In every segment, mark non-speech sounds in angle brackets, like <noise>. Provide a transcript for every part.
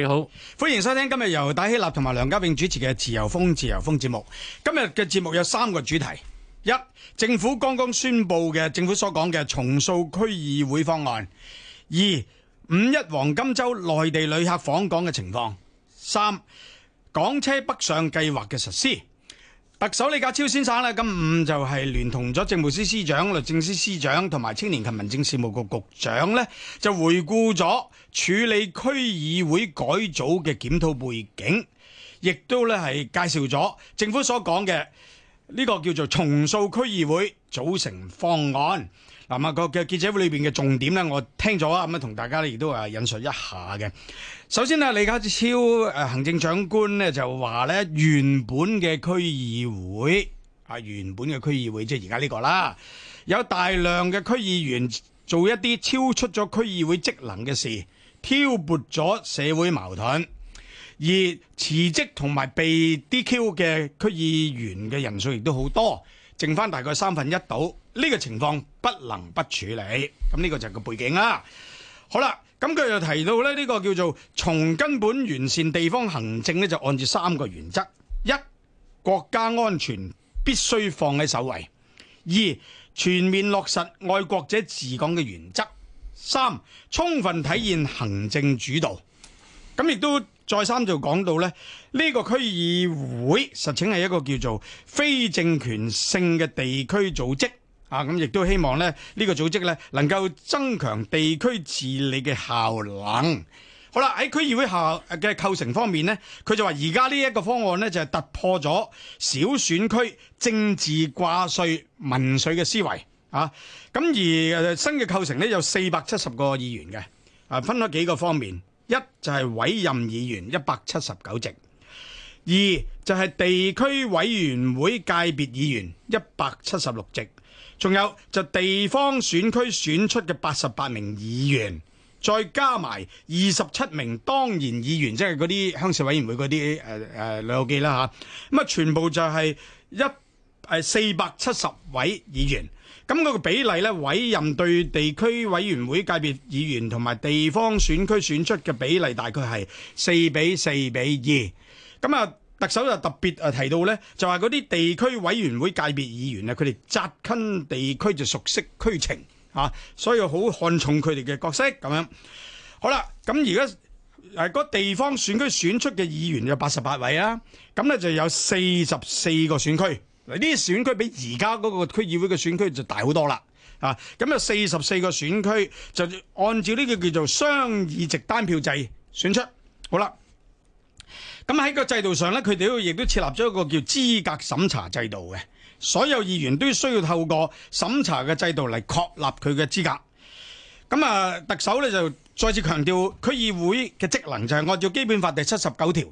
你好，歡迎收聽今日由戴希立同埋梁家永主持嘅自由風自由風節目。今日嘅節目有三個主題：一、政府剛剛宣佈嘅政府所講嘅重塑區議會方案；二、五一黃金周內地旅客訪港嘅情況；三、港車北上計劃嘅實施。特首李家超先生呢，今午就係聯同咗政務司司長、律政司司長同埋青年及民政事務局局長呢，就回顧咗處理區議會改組嘅檢討背景，亦都咧係介紹咗政府所講嘅呢個叫做重塑區議會組成方案。嗱，咁個嘅記者會裏邊嘅重點咧，我聽咗啊，咁樣同大家咧亦都啊引述一下嘅。首先呢，李家超誒行政長官咧就話咧，原本嘅區議會啊，原本嘅區議會即係而家呢個啦，有大量嘅區議員做一啲超出咗區議會職能嘅事，挑撥咗社會矛盾，而辭職同埋被 DQ 嘅區議員嘅人數亦都好多，剩翻大概三分一到。呢個情況不能不處理，咁、這、呢個就係個背景啦。好啦，咁佢又提到咧，呢個叫做從根本完善地方行政呢就按照三個原則：一、國家安全必須放喺首位；二、全面落實愛國者治港嘅原則；三、充分體現行政主導。咁亦都再三就講到呢呢個區議會實情係一個叫做非政權性嘅地區組織。啊！咁亦都希望咧，呢個組織咧，能夠增強地區治理嘅效能好。好啦，喺區議會下嘅構成方面呢，佢就話而家呢一個方案呢就係突破咗小選區政治掛帥、民粹嘅思維啊。咁而新嘅構成呢，有四百七十個議員嘅啊，分咗幾個方面，一就係委任議員一百七十九席，二就係地區委員會界別議員一百七十六席。仲有就地方選區選出嘅八十八名議員，再加埋二十七名當然議員，即係嗰啲鄉事委員會嗰啲誒誒兩記啦嚇，咁啊全部就係一誒四百七十位議員，咁、那、嗰個比例咧委任對地區委員會界別議員同埋地方選區選出嘅比例大概係四比四比二，咁啊。特首就特別誒提到呢，就話嗰啲地區委員會界別議員啊，佢哋紮根地區就熟悉區情，所以好看重佢哋嘅角色咁樣。好啦，咁而家嗰地方選區選出嘅議員有八十八位啦，咁呢就有四十四個選區，嗱呢啲選區比而家嗰個區議會嘅選區就大好多啦啊！咁有四十四個選區就按照呢個叫做雙議席單票制選出，好啦。咁喺個制度上咧，佢哋都亦都設立咗一個叫資格審查制度嘅，所有議員都需要透過審查嘅制度嚟確立佢嘅資格。咁啊，特首咧就再次強調，區議會嘅職能就係按照基本法第七十九條。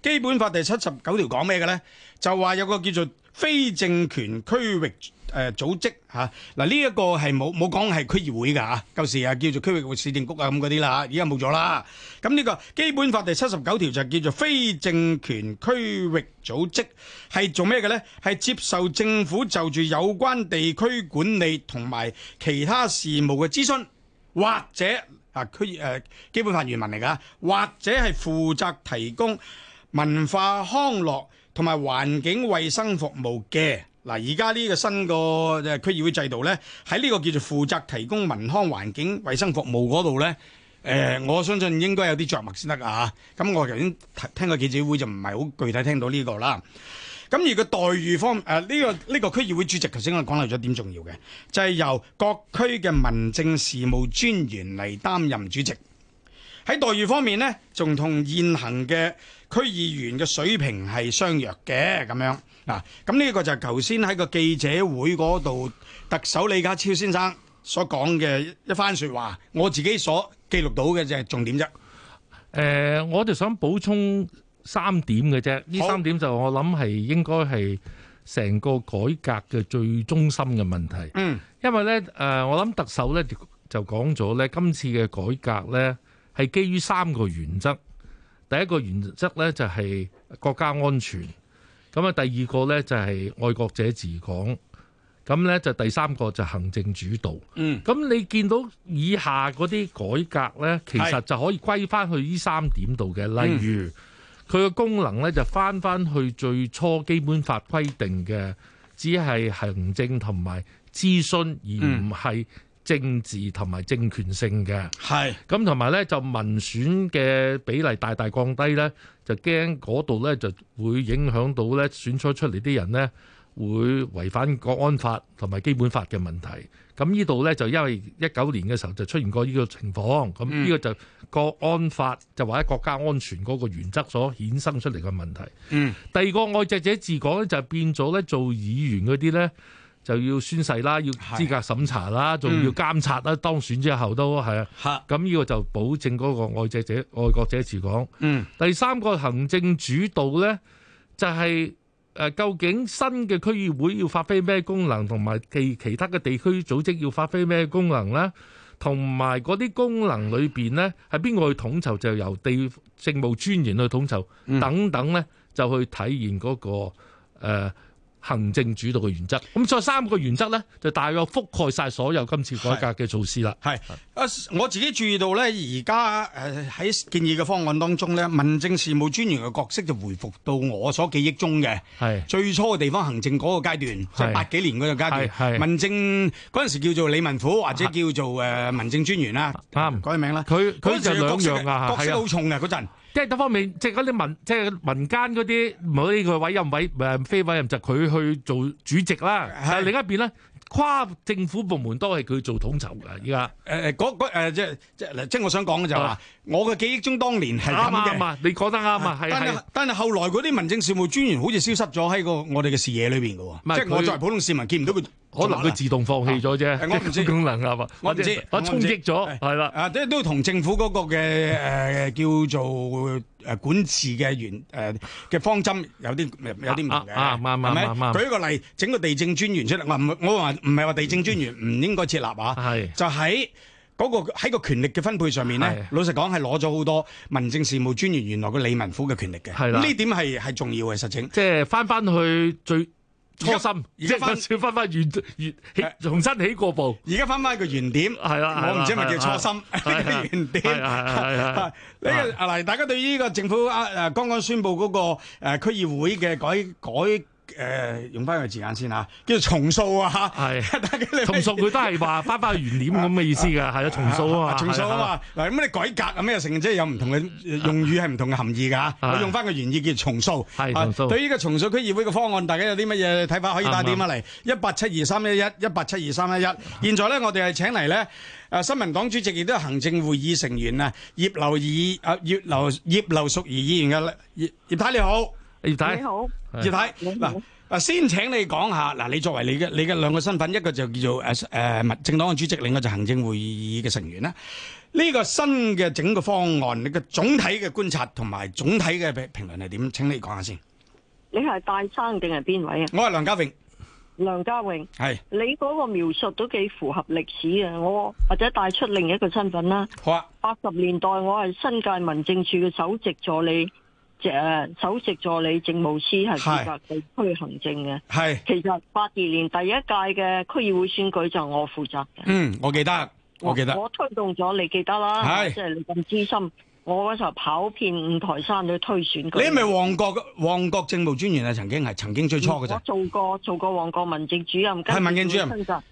基本法第七十九條講咩嘅呢？就話有個叫做非政權區域誒組織嚇，嗱，呢一個係冇冇講係區議會㗎嚇，舊時啊叫做區域市政局啊，咁嗰啲啦，而家冇咗啦。咁、這、呢個基本法第七十九條就叫做非政權區域組織係做咩嘅呢？係接受政府就住有關地區管理同埋其他事務嘅諮詢，或者啊基本法原文嚟㗎，或者係負責提供文化康樂同埋環境衛生服務嘅。嗱，而家呢個新個區議會制度呢，喺呢個叫做負責提供民康環境衛生服務嗰度呢，誒、嗯呃，我相信應該有啲着墨先得㗎。咁我頭先聽個記者會就唔係好具體聽到呢個啦。咁而個待遇方誒呢、呃呢個呢、呢個區議會主席頭先我講漏咗點重要嘅，就係、係、由各區嘅民政事務專員嚟擔任主席。喺待遇方面呢，仲同現行嘅區議員嘅水平係相若嘅咁樣嗱，咁呢一個就係頭先喺個記者會嗰度，特首李家超先生所講嘅一番說話，我自己所記錄到嘅就係重點啫。誒、呃，我就想補充三點嘅啫，呢好三點就我諗係應該係成個改革嘅最中心嘅問題。嗯，因為呢，誒、呃，我諗特首呢就就講咗呢，今次嘅改革呢係基於三個原則，第一個原則呢就係、是、國家安全。咁啊，第二個呢，就係愛國者治港，咁呢，就第三個就行政主導。嗯，咁你見到以下嗰啲改革呢，其實就可以歸翻去呢三點度嘅，例如佢嘅功能呢，就翻翻去最初基本法規定嘅，只係行政同埋諮詢，而唔係，政治同埋政權性嘅，係咁。同埋咧就民選嘅比例大大降低咧，就驚嗰度咧就會影響到咧選出出嚟啲人咧會違反國安法同埋基本法嘅問題。咁呢度咧就因為一九年嘅時候就出現過呢個情況，咁呢個就國安法就話喺國家安全嗰個原則所衍生出嚟嘅問題。嗯，第二個愛國者治港咧就變咗咧做議員嗰啲咧。就要宣誓啦，要資格審查啦，仲是要監察啦。嗯、當選之後都係啊，咁呢個就保證嗰個愛籍者、愛國者治港。嗯、第三個行政主導呢，就係、是呃、究竟新嘅區議會要發揮咩功能，同埋其其他嘅地區組織要發揮咩功能呢？同埋嗰啲功能裏面呢，係邊個去統籌？就由地政務專員去統籌等等呢，就去體現嗰、那個、呃行政主導嘅原則，咁再三個原則咧，就大約覆蓋晒所有今次改革嘅措施啦。啊，我自己注意到咧，而家喺建議嘅方案當中咧，民政事務專員嘅角色就回復到我所記憶中嘅。是最初嘅地方行政嗰個階段，是就八幾年嗰個階段，民政嗰陣時叫做理民府，或者叫做民政專員啦，啱改是對名啦。佢佢他就兩樣、啊，角色好重嘅嗰陣。即係多方面，即係嗰啲民，即係民間嗰啲唔可以佢委任委，誒非委任就佢去做主席啦。係是另一邊咧，跨政府部門都係佢做統籌㗎。而家誒誒嗰即係即係即係我想講嘅就係話，是我嘅記憶中當年係啱啊嘛，你覺得啱啊嘛？但係但係後來嗰啲民政事務專員好似消失咗喺個我哋嘅視野裏邊㗎喎，是即係我作為普通市民見唔到佢。可能佢自動放棄咗啫、啊，我唔知功能啊嘛，我唔知，我唔知衝擊咗，係啦，啊，即係都同政府嗰個嘅誒、呃、叫做管治嘅原嘅、呃、方針有啲有啲唔同嘅，啱啱啱啱，係咪？舉個例，整個地政專員出嚟、啊，我唔，話唔係話地政專員唔應該設立啊，嗯、就喺嗰、嗰個喺個權力嘅分配上面咧，是老實講係攞咗好多民政事務專員原來個理民府嘅權力嘅，係啦的，呢點係係重要嘅實情，即係翻翻去最。初心，而家翻，小翻翻原原，重新起過步。而家翻翻個原點，係啦，我唔知係咪叫初心。呢個原點，呢個啊，嗱，大家對呢個政府啊，誒，剛剛宣布嗰個誒區議會嘅改改。誒，用翻個字眼先吓，叫做重數啊吓，係重數，佢都係話翻翻個原點咁嘅意思噶，係啊重數啊重數啊嘛。嗱，咁你改革咁樣，成即係有唔同嘅用語，係唔同嘅含義噶吓。我用翻個原意叫重數，係重數。對呢個重數區議會嘅方案，大家有啲乜嘢睇法，可以打電話嚟？一八七二三一一一八七二三一一。現在咧，我哋係請嚟咧，誒，新民黨主席亦都行政會議成員啊，葉劉儀啊，葉劉葉劉淑儀議員嘅葉，葉太你好。葉太你好，葉太嗱，先請你講下嗱，你作為你嘅你嘅兩個身份，一個就叫做誒誒，新民黨嘅主席，另一個就行政會議嘅成員咧。呢個新嘅整個方案，你嘅總體嘅觀察同埋總體嘅評評論係點？請你講下先。你係戴生定係邊位啊？我係梁家榮。梁家榮，係你嗰個描述都幾符合歷史嘅，我或者帶出另一個身份啦。好啊，八十年代我係新界民政處嘅首席助理。只首席助理政務司係負責地區行政嘅，係是其實八二年第一屆嘅區議會選舉就我負責嘅。嗯，我記得，我記得我，我推動咗，你記得啦，即係是你咁資深，我嗰時候跑遍五台山去推選舉。你係咪旺角旺角政務專員啊？曾經係曾經最初嘅咋。我做過做過旺角民政主任，係民政主任。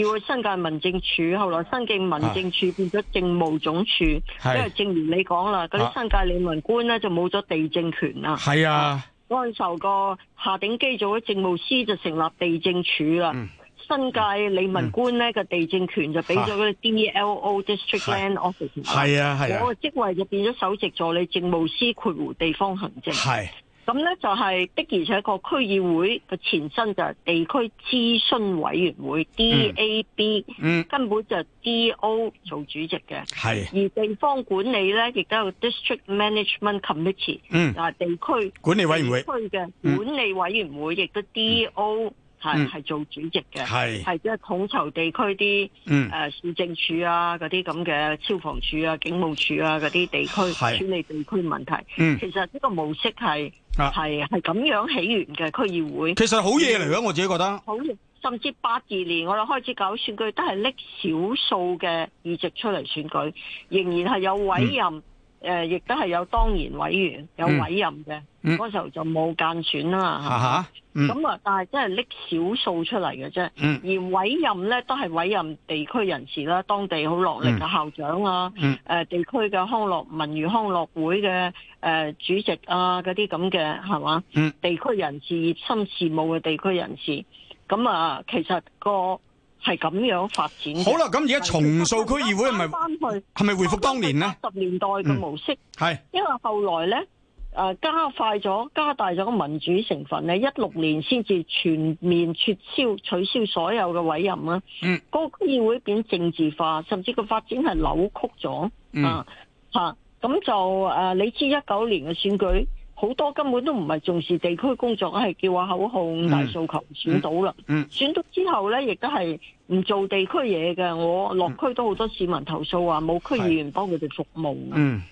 要去新界民政處，後來新界民政處變咗政務總署，因為是正如你講啦，嗰啲新界理民官咧就冇咗地政權啦。係啊，安受個下定基做咗政務司就成立地政處啦。嗯、新界理民官咧嘅地政權就俾咗嗰啲 D L O、啊、District Land Office 是。係啊，係我個職位就變咗首席助理政務司，括弧地方行政。係。咁咧就係的，而且確區議會嘅前身就係地區諮詢委員會 （DAB），根本就係 D.O. 做主席嘅。係是。而地方管理咧，亦都有 District Management Committee，啊、嗯，就係地區，地區管理委員會。區嘅管理委員會亦都 D.O.、嗯係係做主席嘅，係即係統籌地區啲誒市政處啊，嗰啲咁嘅消防處啊、警務處啊嗰啲地區是處理地區問題。嗯、其實呢個模式係係係咁樣起源嘅區議會。其實好嘢嚟嘅，我自己覺得。好，甚至八二年我哋開始搞選舉，都係拎少數嘅議席出嚟選舉，仍然係有委任。嗯誒，亦都係有當然委員，有委任嘅，嗰、嗯、時候就冇間選啦嘛。咁啊、嗯，但係真係拎少數出嚟嘅啫。嗯、而委任呢，都係委任地區人士啦，當地好落力嘅校長啊，嗯嗯呃、地區嘅康樂民娛康樂會嘅、呃、主席啊，嗰啲咁嘅係嘛？地區人士熱心事務嘅地區人士，咁啊，其實個。係咁樣發展。好啦，咁而家重塑區議會係咪翻去？係咪回復當年呢？八十年代嘅模式係，嗯、因為後來咧誒加快咗，加大咗個民主成分咧。一六年先至全面撤銷取消所有嘅委任啦。嗯，個區議會變政治化，甚至個發展係扭曲咗、嗯、啊吓。咁就誒、啊，你知一九年嘅選舉。好多根本都唔係重視地區工作，係叫話口號，五大訴求、嗯、選到啦。嗯嗯、選到之後咧，亦都係唔做地區嘢嘅。我落區都好多市民投訴話冇區議員幫佢哋服務。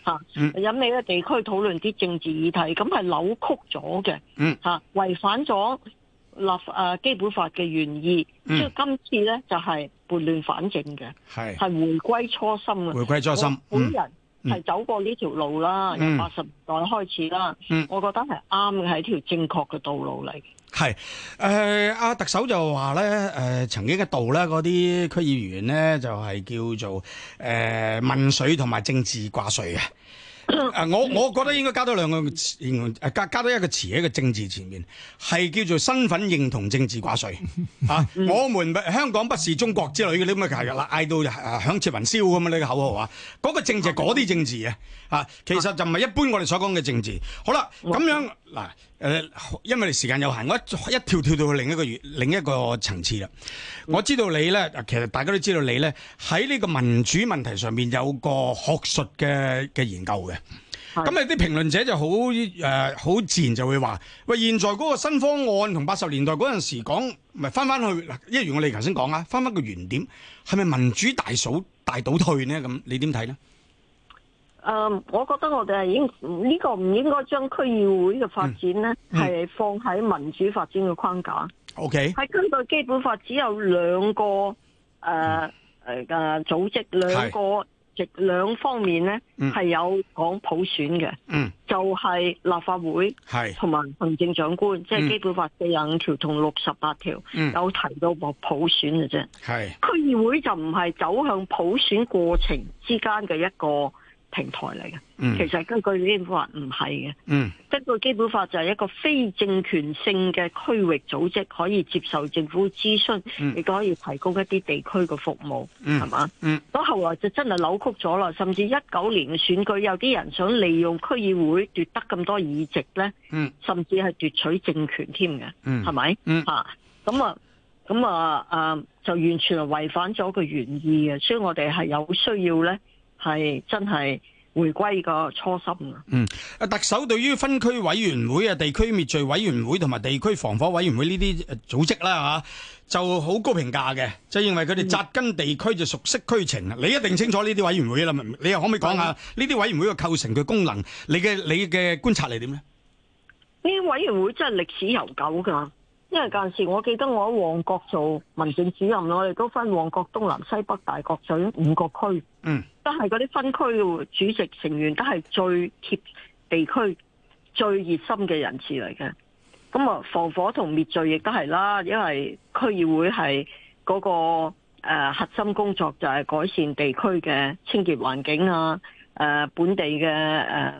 吓引你個地區討論啲政治議題，咁係扭曲咗嘅。吓違、嗯啊、反咗立誒、呃、基本法嘅原意。嗯、所以今次咧就係撥亂反正嘅，係是回歸初心嘅，回歸初心。本人。嗯係走過呢條路啦，由八十年代開始啦，嗯、我覺得係啱嘅，係條正確嘅道路嚟。係，誒、呃、阿特首就話咧，誒、呃、曾經一度咧，嗰啲區議員咧就係、是、叫做誒、呃、問水同埋政治掛帥嘅。 <laughs> 我我覺得應該加多兩個詞，加加多一個詞喺個政治前面，係叫做身份認同政治掛帥、啊、 <laughs> 我們香港不是中國之類啲咁嘅嘢啦，嗌到誒響徹雲霄咁啊！呢個口號啊，嗰、嗰個政治係嗰啲政治啊，其實就唔係一般我哋所講嘅政治。好啦，咁樣嗱，誒，因為你時間有限，我一跳跳到另一個另一個層次啦。我知道你咧，其實大家都知道你咧喺呢個民主問題上面有個學術嘅嘅研究嘅。咁啊的，啲評論者就好誒，好、呃、自然就會話：喂，現在嗰個新方案同八十年代嗰陣時講，唔係翻翻去嗱，因為如果你才一如我哋頭先講啊，翻翻個原點，係咪民主大嫂大倒退呢？咁你點睇呢？誒，um, 我覺得我哋係應呢、這個唔應該將區議會嘅發展咧，係、嗯嗯、放喺民主發展嘅框架。O K，係根據基本法，只有兩個誒誒嘅組織，兩個是兩方面咧係、嗯、有講普選嘅。嗯，就係立法會係同埋行政長官，即係是基本法四十五條同六十八條、嗯、有提到話普選嘅啫。係是區議會就唔係走向普選過程之間嘅一個平台嚟嘅，其實根據基本法唔係嘅，根據、嗯、基本法就係一個非政權性嘅區域組織，可以接受政府諮詢，亦都、嗯、可以提供一啲地區嘅服務，係嘛？咁後來就真係扭曲咗啦，甚至一九年嘅選舉，有啲人想利用區議會奪得咁多議席咧，嗯、甚至係奪取政權添嘅，係咪？吓咁啊，咁啊，啊就完全係違反咗個原意嘅，所以我哋係有需要咧。係真係回歸個初心啦。嗯，啊，特首對於分區委員會啊、地區滅罪委員會同埋地區防火委員會呢啲組織啦，吓就好高評價嘅，就係認為佢哋紮根地區就熟悉區情。你一定清楚呢啲委員會啦，你又可唔可以講下呢啲委員會嘅構成、佢功能、你嘅你嘅觀察嚟點呢？呢啲委員會真係歷史悠久噶。因為嗰陣時，我記得我喺旺角做民政主任，我哋都分旺角東南西北大角咀五個區。嗯，但係嗰啲分區嘅主席成員都係最貼地區、最熱心嘅人士嚟嘅。咁啊，防火同滅罪亦都係啦，因為區議會係嗰、那個誒、呃、核心工作就係改善地區嘅清潔環境啊，誒、呃、本地嘅誒。呃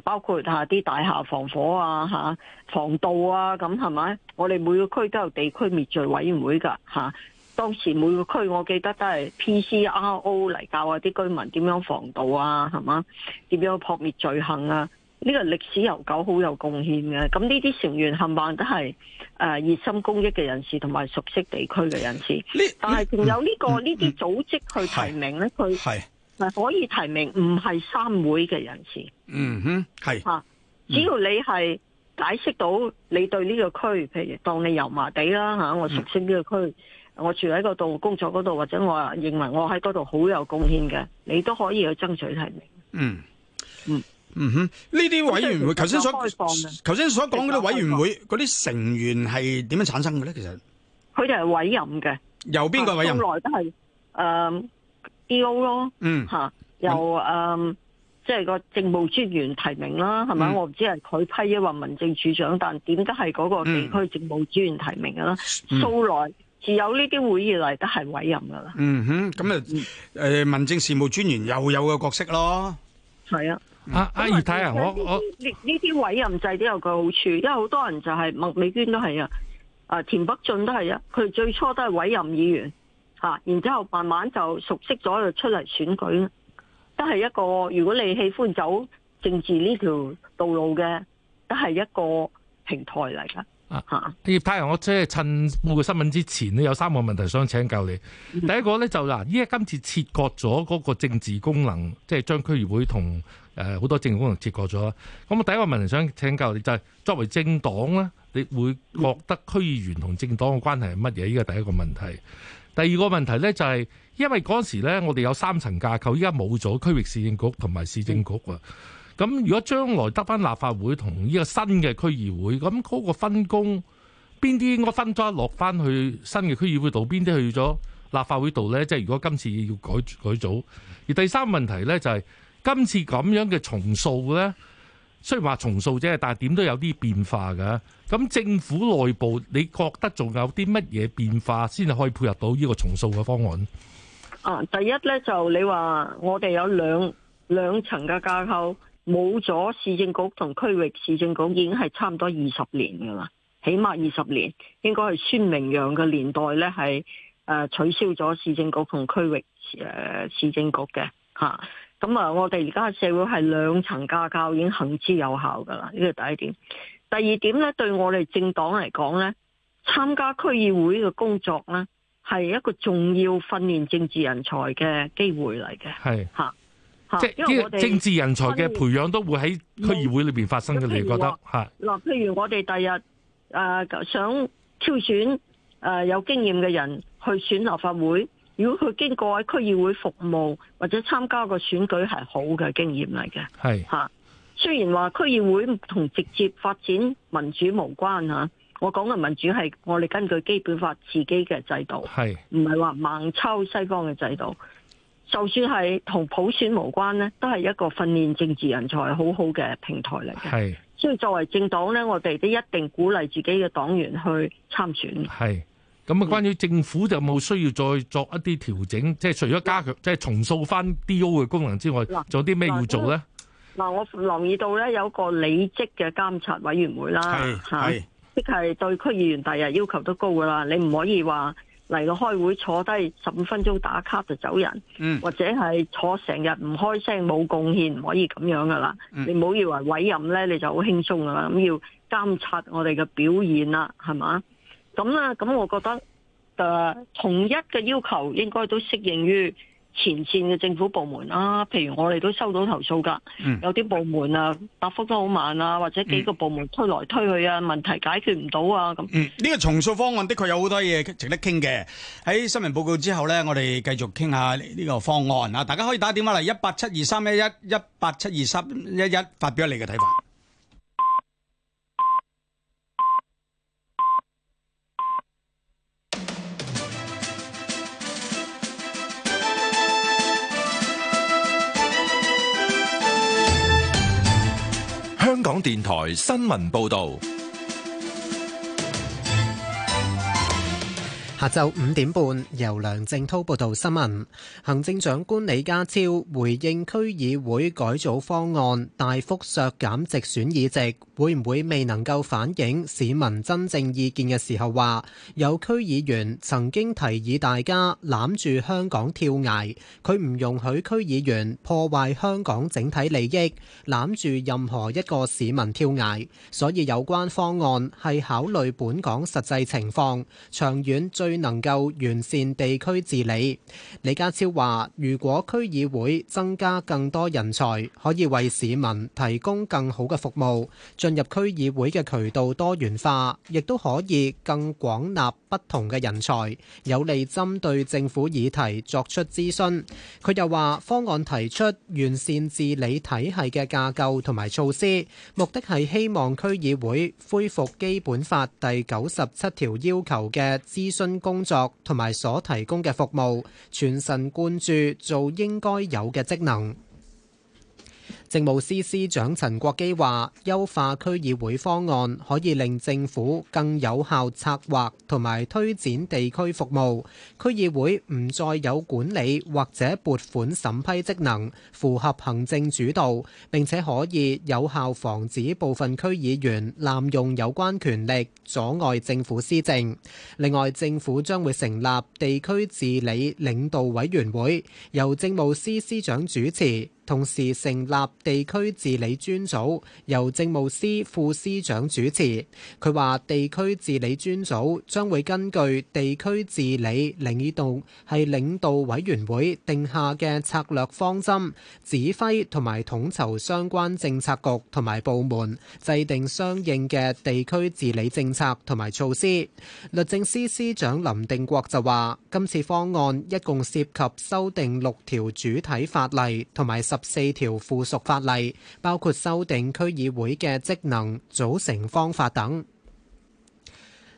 包括下啲大廈防火啊、吓防盜啊，咁係咪？我哋每個區都有地區滅罪委員會噶吓。當時每個區我記得都係 P C R O 嚟，教下啲居民點樣防盜啊，係嘛？點樣撲滅罪行啊？呢、這個歷史悠久貢獻，好有貢獻嘅。咁呢啲成員冚唪唥都係誒熱心公益嘅人士同埋熟悉地區嘅人士。 <laughs> 但係仲有呢、這個呢啲、 <laughs> 嗯、組織去提名咧，佢是。它可以提名，唔係三會嘅人士。嗯哼，係吓，只要你係解釋到你對呢個區，譬如當你油麻地啦吓，我熟悉呢個區，嗯、哼我住喺嗰度工作嗰度，或者我認為我喺嗰度好有貢獻嘅，你都可以去爭取提名。嗯嗯嗯哼，呢啲委員會頭先所講嘅，頭先所講嗰啲委員會嗰啲港成員係點樣產生嘅咧？其實佢哋係委任嘅，由邊個委任？咁耐、啊、都係誒。呃有，O. 咯，吓誒、嗯，即、嗯、係、嗯就是、個政務專員提名啦，係咪、嗯、我唔知係佢批抑或民政處長，但點都係嗰個地區政務專員提名噶啦。嗯、素來只有呢啲會議嚟都係委任噶啦。嗯哼，咁啊，誒、嗯呃，民政事務專員又有個角色咯。係啊，阿阿葉太啊，我我呢啲委任制都有個好處，因為好多人就係、是、麥美娟都係啊，啊田北俊都係啊，佢最初都係委任議員。嚇，然之後慢慢就熟悉咗，就出嚟選舉都係一個。如果你喜歡走政治呢條道路嘅，都係一個平台嚟噶。啊嚇，葉太啊，啊太我即係趁報告新聞之前咧，有三個問題想請教你。第一個呢、就係，就嗱，依家今次切割咗嗰個政治功能，即係將區議會同誒好多政治功能切割咗啦。咁我第一個問題想請教你就係、係、作為政黨呢，你會覺得區議員同政黨嘅關係係乜嘢？呢個第一個問題。第二個問題呢，就係，因為嗰時呢，我哋有三層架構，依家冇咗區域市政局同埋市政局啊。咁如果將來得翻立法會同呢個新嘅區議會，咁嗰個分工邊啲應該分咗落翻去新嘅區議會度，邊啲去咗立法會度呢？即係如果今次要改改組，而第三個問題呢，就係今次咁樣嘅重塑呢。雖然話重塑啫，但係點都有啲變化噶。咁政府內部，你覺得仲有啲乜嘢變化先係可以配合到呢個重塑嘅方案？啊，第一呢，就你話我哋有兩兩層嘅架構，冇咗市政局同區域市政局已經係差唔多二十年噶啦，起碼二十年，應該係孫明揚嘅年代呢，係誒、啊、取消咗市政局同區域誒、啊、市政局嘅嚇。啊咁啊，我哋而家嘅社會係兩層架構已經行之有效噶啦，呢個第一點。第二點咧，對我哋政黨嚟講咧，參加區議會嘅工作咧，係一個重要訓練政治人才嘅機會嚟嘅。係吓吓，啊、即係因為我哋政治人才嘅培養都會喺區議會裏邊發生嘅，嗯、你覺得吓？嗱，啊、譬如我哋第日誒、呃、想挑選誒、呃、有經驗嘅人去選立法會。如果佢經過喺區議會服務，或者參加個選舉，係好嘅經驗嚟嘅，係吓是。雖然話區議會同直接發展民主無關吓，我講嘅民主係我哋根據基本法自己嘅制度，係唔係話盲抽西方嘅制度。就算係同普選無關呢，都係一個訓練政治人才好好嘅平台嚟嘅。係是，所以作為政黨呢，我哋都一定鼓勵自己嘅黨員去參選。係。咁啊，關於政府就冇需要再作一啲調整，即係除咗加強，即係重塑翻 D.O. 嘅功能之外，仲有啲咩要做咧？嗱、嗯嗯，我留意到咧，有個履職嘅監察委員會啦，即係、就是、對區議員第日要求都高噶啦。你唔可以話嚟到開會坐低十五分鐘打卡就走人，嗯、或者係坐成日唔開聲冇貢獻，唔可以咁樣噶啦。嗯、你唔好以為委任咧，你就好輕鬆噶啦。咁要監察我哋嘅表現啦，係嘛？咁啦，咁我覺得，誒、uh，同一嘅要求應該都適應於前線嘅政府部門啦，啊。譬如我哋都收到投訴噶，嗯、有啲部門啊，答覆都好慢啊，或者幾個部門推來推去啊，問題解決唔到啊，咁。呢、嗯呢個重塑方案的確有好多嘢值得傾嘅。喺新聞報告之後呢，我哋繼續傾下呢個方案啊。大家可以打電話嚟一八七二三一一一八七二三一一發表你嘅睇法。香港電台新聞報道。下晝五點半，由梁正滔報道新聞。行政長官李家超回應區議會改組方案大幅削減直選議席，會唔會未能夠反映市民真正意見嘅時候，話有區議員曾經提議大家攬住香港跳崖，佢唔容許區議員破壞香港整體利益，攬住任何一個市民跳崖。所以有關方案係考慮本港實際情況，長遠最。能夠完善地區治理，李家超話，如果區議會增加更多人才，可以為市民提供更好嘅服務，進入區議會嘅渠道多元化，亦都可以更廣納不同嘅人才，有利針對政府議題作出諮詢。佢又話方案提出完善治理體系嘅架構同埋措施，目的係希望區議會恢復《基本法》第九十七條要求嘅諮詢。工作同埋所提供嘅服務，全神貫注做應該有嘅職能。政務司司長陳國基話，優化區議會方案可以令政府更有效策劃同埋推展地區服務。區議會唔再有管理或者撥款審批職能，符合行政主導，並且可以有效防止部分區議員濫用有關權力，阻礙政府施政。另外，政府將會成立地區治理領導委員會，由政務司司長主持。同時成立地區治理專組，由政務司副司長主持。佢話地區治理專組將會根據地區治理領導，係領導委員會定下嘅策略方針，指揮同埋統籌相關政策局同埋部門制定相應嘅地區治理政策同埋措施。律政司司長林定國就話今次方案一共涉及修訂六條主體法例同埋。十四條附屬法例，包括修訂區議會嘅職能、組成方法等。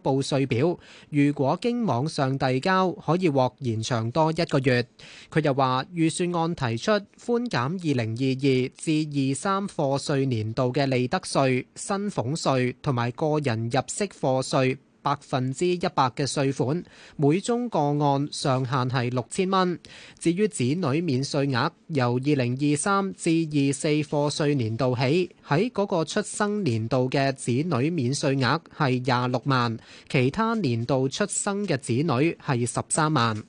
報稅表，如果經網上遞交，可以獲延長多一個月。佢又話，預算案提出寬減二零二二至二三課稅年度嘅利得稅、薪俸稅同埋個人入息課稅。百分之一百嘅稅款，每宗個案上限係六千蚊。至於子女免稅額，由二零二三至二四課稅年度起，喺嗰個出生年度嘅子女免稅額係廿六萬，其他年度出生嘅子女係十三萬。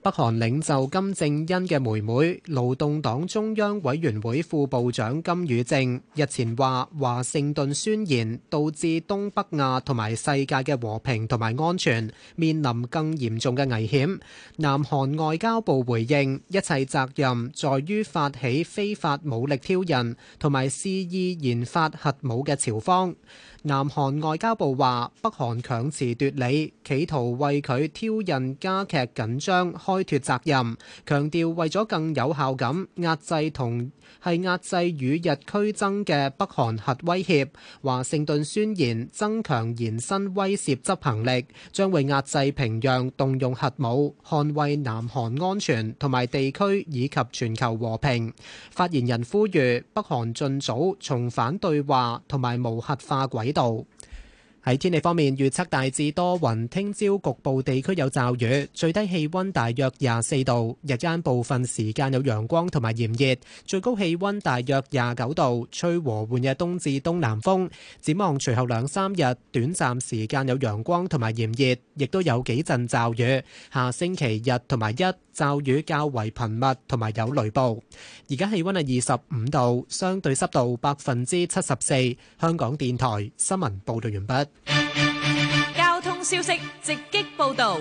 北韓領袖金正恩嘅妹妹、勞動黨中央委員會副部長金與正日前話：華盛頓宣言導致東北亞同埋世界嘅和平同埋安全面臨更嚴重嘅危險。南韓外交部回應，一切責任在於發起非法武力挑釁同埋肆意研發核武嘅朝方。南韓外交部話：北韓強詞奪理，企圖為佢挑釁加劇緊張開脱責任，強調為咗更有效咁壓制同係壓制與日俱增嘅北韓核威脅，華盛頓宣言增強延伸威懾執行力，將會壓制平壤動用核武，捍衛南韓安全同埋地區以及全球和平。發言人呼籲北韓盡早重返對話同埋無核化軌幾度？喺天氣方面預測大致多雲，聽朝局部地區有驟雨，最低氣温大約廿四度，日間部分時間有陽光同埋炎熱，最高氣温大約廿九度，吹和緩嘅東至東南風。展望隨後兩三日，短暫時間有陽光同埋炎熱，亦都有幾陣驟雨。下星期日同埋一。驟雨較為頻密，同埋有雷暴。而家氣温係二十五度，相對濕度百分之七十四。香港電台新聞報導完畢。交通消息直擊報導。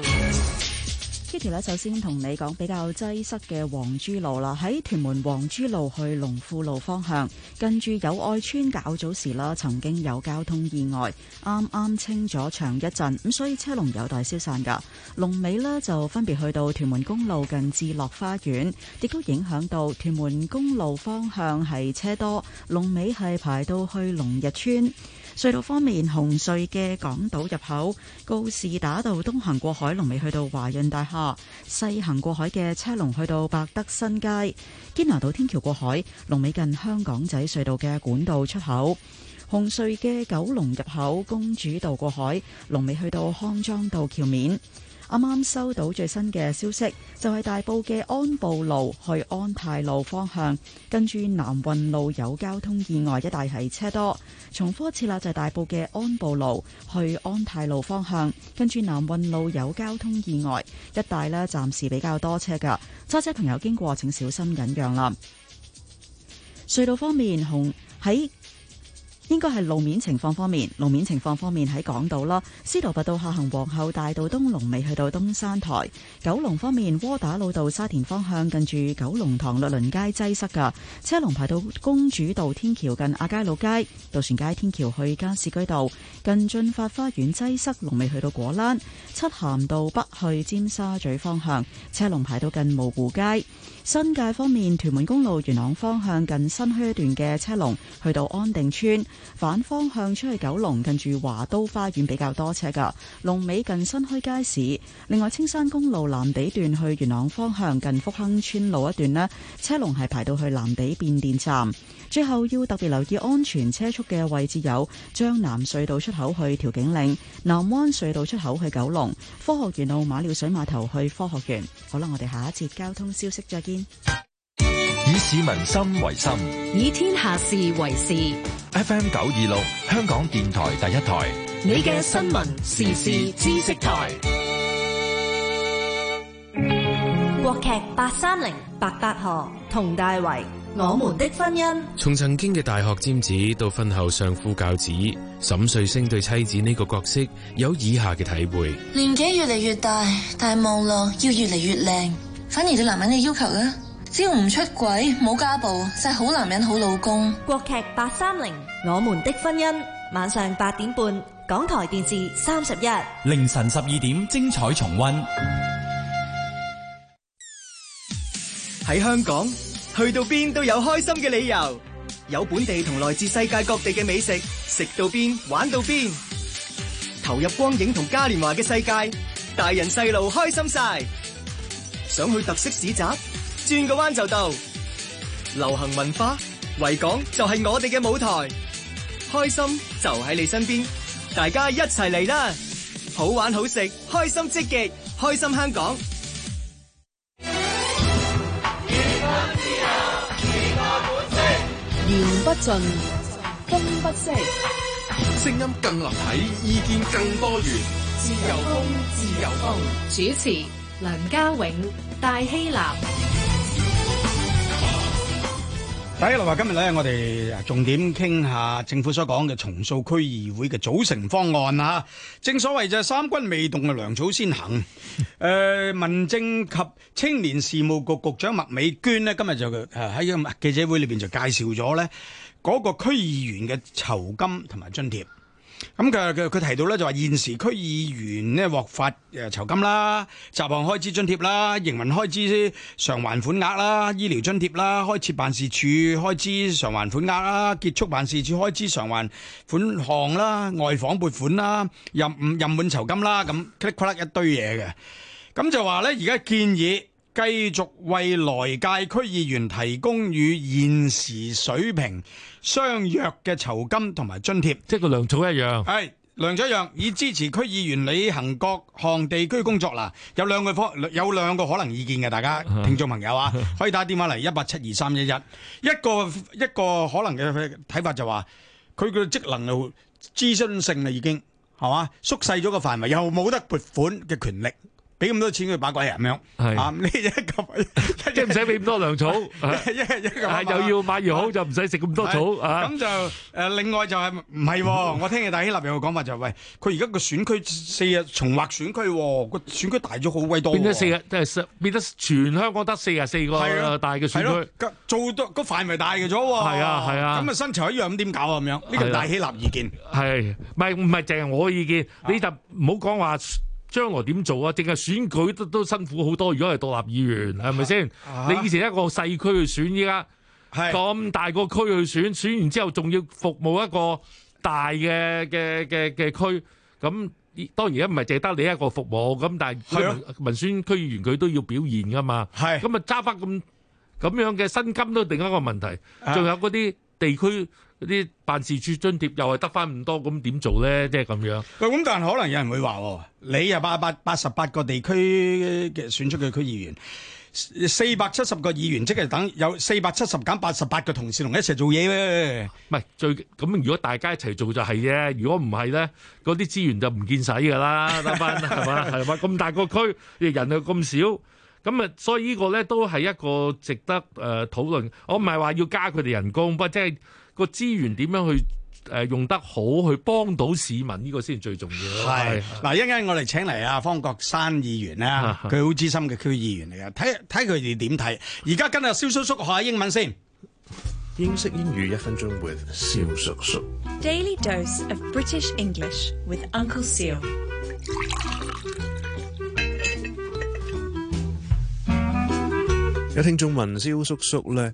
k i t 咧，Kitty，首先同你講比較擠塞嘅黃珠路啦，喺屯門黃珠路去龍富路方向，近住友愛村搞早市啦，曾經有交通意外，啱啱清咗場一陣，咁所以車龍有待消散噶。龍尾呢，就分別去到屯門公路近置樂花園，亦都影響到屯門公路方向係車多，龍尾係排到去龍日村。隧道方面，紅隧嘅港島入口告士打道東行過海龍尾去到華潤大廈，西行過海嘅車龍去到百德新街，堅拿道天橋過海龍尾近香港仔隧道嘅管道出口。紅隧嘅九龍入口公主道過海龍尾去到康莊道橋面。啱啱收到最新嘅消息，就係、是、大埔嘅安步路去安泰路方向，跟住南運路有交通意外，一帶係車多。重複一次啦，就係、是、大埔嘅安步路去安泰路方向，跟住南運路有交通意外，一帶呢暫時比較多車噶，揸車朋友經過請小心忍讓啦。隧道方面，紅喺。應該係路面情況方面，路面情況方面喺港島啦，司徒拔道下行皇后大道東龍尾去到東山台；九龍方面，窩打老道沙田方向近住九龍塘律倫街擠塞㗎，車龍排到公主道天橋近亞皆老街、渡船街天橋去加士居道近進發花園擠塞，龍尾去到果欄；漆咸道北去尖沙咀方向，車龍排到近蕪湖街。新界方面，屯門公路元朗方向近新墟一段嘅車龍去到安定村，反方向出去九龍近住華都花園比較多車噶。龍尾近新墟街市。另外，青山公路藍地段去元朗方向近福亨村路一段咧，車龍係排到去藍地變電站。最後要特別留意安全車速嘅位置有將南隧道出口去調景嶺、南灣隧道出口去九龍、科學園路馬料水碼頭去科學園。好啦，我哋下一節交通消息再見。以市民心為心，以天下事為事。FM 九二六，香港電台第一台，你嘅新聞時事知識台。國劇八三零，白百何、佟大為，我們的婚姻。從曾經嘅大學尖子到婚後相夫教子，沈瑞星對妻子呢個角色有以下嘅體會：年紀越嚟越大，但望落要越嚟越靚。反而對男人嘅要求咧，只要唔出軌、冇家暴，晒好男人、好老公。國劇八三零，我們的婚姻，晚上八點半，港台電視三十一，凌晨十二點精彩重溫。喺香港，去到邊都有開心嘅理由，有本地同來自世界各地嘅美食，食到邊玩到邊，投入光影同嘉年華嘅世界，大人細路開心晒。想去特色市集，轉個彎就到。流行文化，維港就係我哋嘅舞台，開心就喺你身邊，大家一齊嚟啦！好玩好食，開心積極，開心香港。言不盡，風不息，聲音更立體，意見更多元。自由風，自由風，主持。梁家永、戴希南，第一嚟話今日咧，我哋重點傾下政府所講嘅重塑區議會嘅組成方案啊！正所謂就係三軍未動嘅糧草先行。誒， <laughs> 民政及青年事務局局長麥美娟呢今日就喺記者會裏邊就介紹咗咧，嗰個區議員嘅酬金同埋津貼。咁佢佢佢提到咧，就話現時區議員咧獲發誒酬金啦，集項開支津貼啦，營運開支償還款額啦，醫療津貼啦，開設辦事處開支償還款額啦，結束辦事處開支償還款項啦，外訪撥款啦，任任滿酬金啦，咁一啲夸啦一堆嘢嘅，咁就話咧而家建議。繼續為來屆區議員提供與現時水平相若嘅酬金同埋津貼，即係個梁祖一樣。係梁祖一樣，以支持區議員履行各項地區工作啦、啊。有兩個方，有兩個可能意見嘅，大家聽眾朋友啊，可以打電話嚟一八七二三一一。2, 3, 1, 1 <laughs> 一個一個可能嘅睇法就話、是，佢嘅職能又諮詢性啦，已經係嘛縮細咗個範圍，又冇得撥款嘅權力。俾咁多錢佢把鬼人咁樣，係啊呢一咁即係唔使俾咁多糧草，一係一咁，係又要買越好就唔使食咁多草。咁就誒，另外就係唔係？我聽日大希臘有個講法就係，喂，佢而家個選區四日重劃選區，個選區大咗好鬼多。變咗四日即係變咗全香港得四十四個大嘅選區。係咯，做多個範圍大嘅咗。係啊係啊，咁啊身材一樣咁點搞啊咁樣？呢個大希臘意見係，唔係唔係淨係我意見，你就唔好講話。將來點做啊？淨係選舉都都辛苦好多。如果係獨立議員，係咪先？是是啊，你以前一個細區去選，依家咁大個區去選，選完之後仲要服務一個大嘅嘅嘅嘅區。咁當然而家唔係淨得你一個服務。咁但係民選區議員佢都要表現噶嘛。係咁啊，揸翻咁咁樣嘅薪金都另一個問題。仲有嗰啲地區。嗰啲辦事處津貼又係得翻唔多，咁點做咧？即係咁樣。咁但係可能有人會話，你又八百八十八個地區嘅選出嘅區議員，四百七十個議員，即係等有四百七十減八十八個同事同佢一齊做嘢咧。唔係最咁，如果大家一齊做就係啫。如果唔係咧，嗰啲資源就唔見使噶啦，得翻係嘛係嘛。咁大個區，人又咁少，咁啊，所以呢個咧都係一個值得誒討論。我唔係話要加佢哋人工，不過即係。個資源點樣去誒用得好，去幫到市民呢，這個先最重要。係嗱，一陣間我哋請嚟啊方國珊議員啦，佢好 <laughs> 資深嘅區議員嚟嘅，睇睇佢哋點睇。而家跟阿蕭叔叔學下英文先。英式英語一分鐘 with，蕭叔叔。Daily dose of British English with Uncle Siu, <music> 有聽眾問蕭叔叔咧。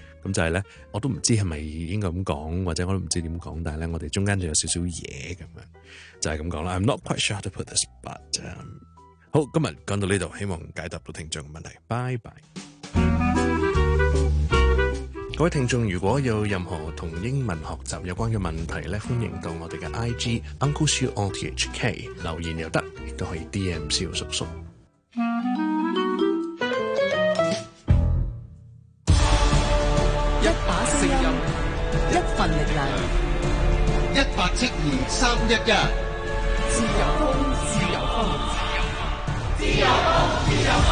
咁就係咧，我都唔知係咪應該咁講，或者我都唔知點講，但係咧，我哋中間仲有少少嘢咁樣，就係咁講啦。I'm not quite sure how to put this，but，、um, 好，今日講到呢度，希望解答到聽眾嘅問題。拜拜！各位聽眾，如果有任何同英文學習有關嘅問題咧，歡迎到我哋嘅 I G Uncle Shu o thk 留言又得，亦都可以 D M 小叔叔。一份力量，一八七二三一一自。自由風，自由風，自由風，自由風。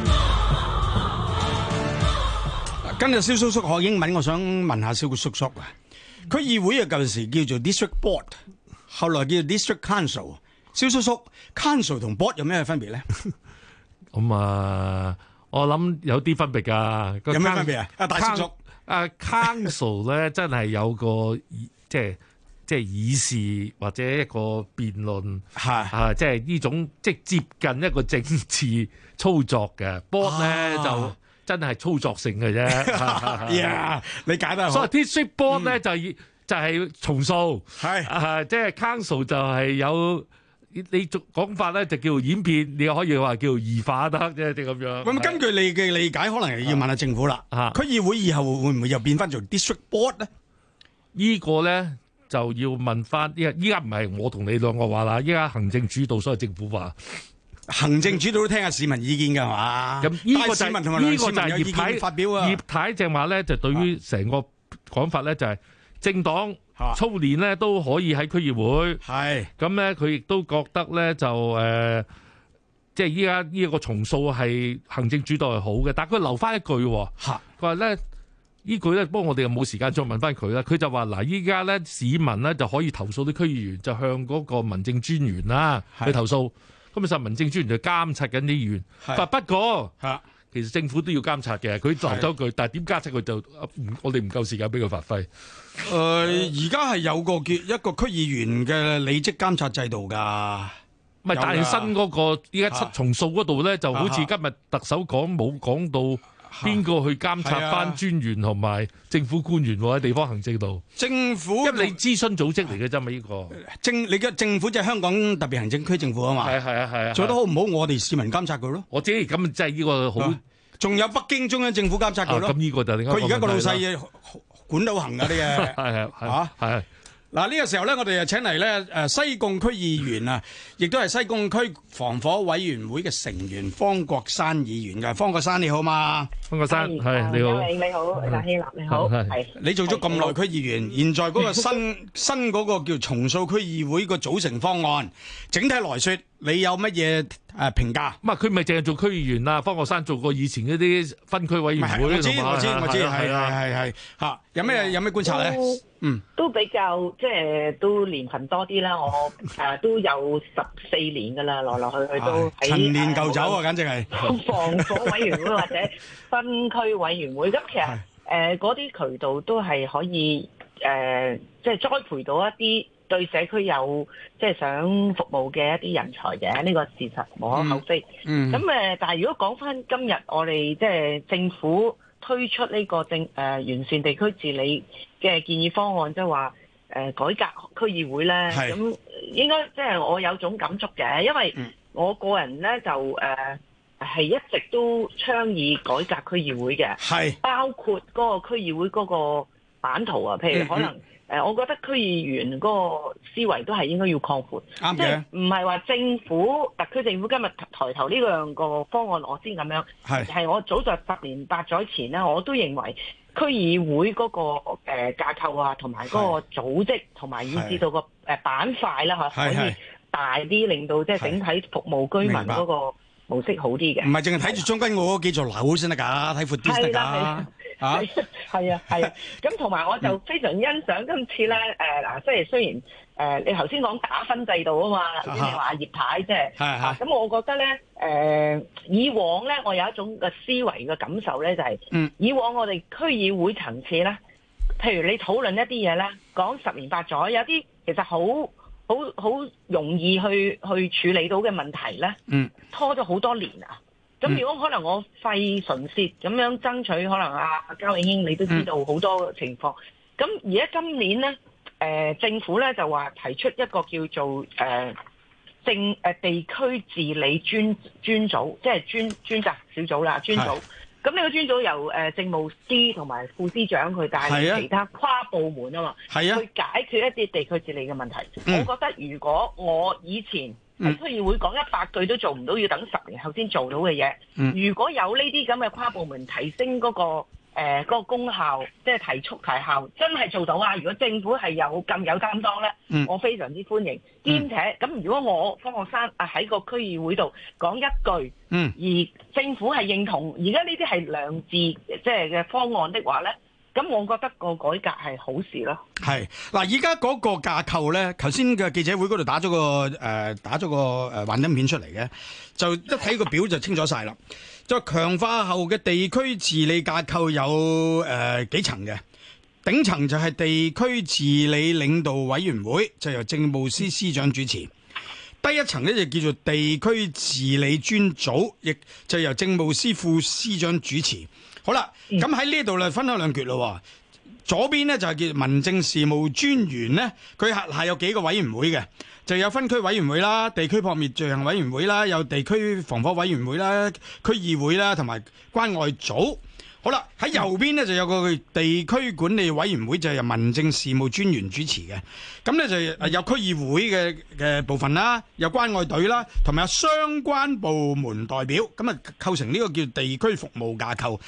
自由風。嗯、今日蕭叔叔學英文，我想問下蕭叔叔啊。區議會啊舊時叫做 District Board，後來叫 District Council。蕭叔叔，Council 同 Board 有咩分別咧？咁啊、 <laughs> 嗯，我諗有啲分別㗎。有咩分別啊？啊，大叔叔。啊、uh，Council 咧 <laughs> 真係有個即係即係議事或者一個辯論係啊，即係呢種即係、就是、接近一個政治操作嘅 ball 咧，就真係操作性嘅啫。你 yeah 理解得，所以啲 short ball 咧就要就係、是、重數。係啊，即係 Council 就係有。你你講法咧就叫演變，你可以話叫異化得啫，即係咁樣。咁根據你嘅理解，是可能要問下政府啦吓。區是議會以後會唔會又變翻做 District Board 咧？呢個咧就要問翻。依依家唔係我同你兩個話啦，依家行政主導，所謂政府話行政主導都聽下市民意見噶，係嘛？咁呢個就係、是、呢個就係葉太發表。葉太正話咧，就對於成個講法咧，是就係政黨。操練咧都可以喺區議會，係咁咧，佢亦都覺得咧就誒、呃，即係依家呢一個重塑，係行政主導係好嘅，但係佢留翻一句，佢話咧呢句咧，不過我哋又冇時間再問翻佢啦。佢就話嗱，依家咧市民咧就可以投訴啲區議員，就向嗰個民政專員啦去投訴。咁咪實民政專員就監察緊啲議員，不過、啊。其實政府都要監察嘅，佢話走佢，是的但係點監察佢就，我哋唔夠時間俾佢發揮。誒、呃，而家係有個叫一個區議員嘅履職監察制度㗎，唔不的但係新嗰個依家七重數嗰度咧，啊、就好似今日特首講冇講到。邊個去監察翻專員同埋政府官員喺地方行政度？政府因為你諮詢組織嚟嘅啫嘛？呢個政你嘅政府就係香港特別行政區政府啊嘛。係，係啊係啊。做得好唔好，我哋市民監察佢咯。我知咁啊，即係呢個好。仲有北京中央政府監察佢咯。咁呢個就佢而家個老細管到行噶啲嘢？係係係。嗱，呢個時候咧，我哋就請嚟咧，西貢區議員啊，亦都係西貢區防火委員會嘅成員方國珊議員嘅，方國珊你好嘛？方國珊，你好。你好，你好，你好。是你做咗咁耐區議員，現在嗰個新新嗰個叫重塑區議會個組成方案，整體來說，你有乜嘢誒評價？咁啊，佢咪淨係做區議員啊，方國珊做過以前嗰啲分區委員會，我知我知我知，係係係，有咩有咩觀察咧？嗯，都比較即係都年份多啲啦。我、啊、都有十四年噶啦，來來去去都陳、哎、年舊酒啊，簡直係。啊、防火委員會或者分區委員會，咁 <laughs> 其實嗰啲、呃、渠道都係可以、呃、即係栽培到一啲。對社區有即係、就是、想服務嘅一啲人才嘅，呢、這個事實無可厚非。咁誒、嗯嗯，但係如果講翻今日我哋即係政府推出呢、這個政誒、呃、完善地區治理嘅建議方案，即係話誒改革區議會咧，咁是應該即係我有種感觸嘅，因為我個人咧就誒係、呃、一直都倡議改革區議會嘅，是包括嗰個區議會嗰個版圖啊，譬如可能、嗯。嗯誒，我覺得區議員嗰個思維都係應該要擴闊，的即係唔係話政府、特區政府今日抬頭呢兩個方案，我先咁樣，係係是我早在十年八載前咧，我都認為區議會嗰個架構啊，同埋嗰個組織，同埋以至到個板塊啦，可以大啲，令到即整體服務居民嗰個模式好啲嘅。唔係，淨係睇住將軍澳嗰幾座樓先得㗎，睇闊啲先得。係啊係啊，咁同埋我就非常欣賞今次咧誒嗱，即、呃、係雖然誒、呃、你頭先講打分制度啊嘛，你話葉太，即係咁我覺得咧誒、呃、以往咧我有一種嘅思維嘅感受咧就係、嗯，以往我哋區議會層次咧，譬如你討論一啲嘢咧，講十年八載，有啲其實好好好容易去去處理到嘅問題咧，拖咗好多年啊！咁、嗯、如果可能我費唇舌咁樣爭取，可能阿阿交永英你都知道好、嗯、多情況。咁而家今年咧、呃，政府咧就話提出一個叫做誒政、呃呃、地區治理專專組，即係專專責小組啦，專組。咁呢、啊、個專組由、呃、政務司同埋副司長佢帶領其他跨部門啊嘛，去解決一啲地區治理嘅問題。啊、我覺得如果我以前喺區、嗯、議會講一百句都做唔到，要等十年後先做到嘅嘢。如果有呢啲咁嘅跨部門提升嗰、那個誒、嗰、呃那個功效，即係提速提效，真係做到啊！如果政府係有咁有擔當咧，嗯、我非常之歡迎。兼且咁，嗯、如果我方學生啊喺個區議會度講一句，而政府係認同，而家呢啲係良智即係嘅方案的話咧。咁我覺得個改革係好事咯。係嗱，而家嗰個架構呢，頭先嘅記者會嗰度打咗個誒、呃、打咗個誒幻燈片出嚟嘅，就一睇個表就清楚晒啦。在強化後嘅地區治理架構有誒、呃、幾層嘅，頂層就係地區治理領導委員會，就由政務司司長主持。低一層呢，就叫做地區治理專組，亦就由政務司副司長主持。好啦，咁喺呢度咧分開兩橛咯。左邊咧就係叫民政事務專員咧，佢係係有幾個委員會嘅，就有分區委員會啦、地區撲滅罪行委員會啦、有地區防火委員會啦、區議會啦，同埋關愛組。好啦，喺右邊呢就有個地區管理委員會，就係由民政事務專員主持嘅。咁呢就有區議會嘅嘅部分啦，有關愛隊啦，同埋有相關部門代表，咁啊構成呢個叫地區服務架構。呢、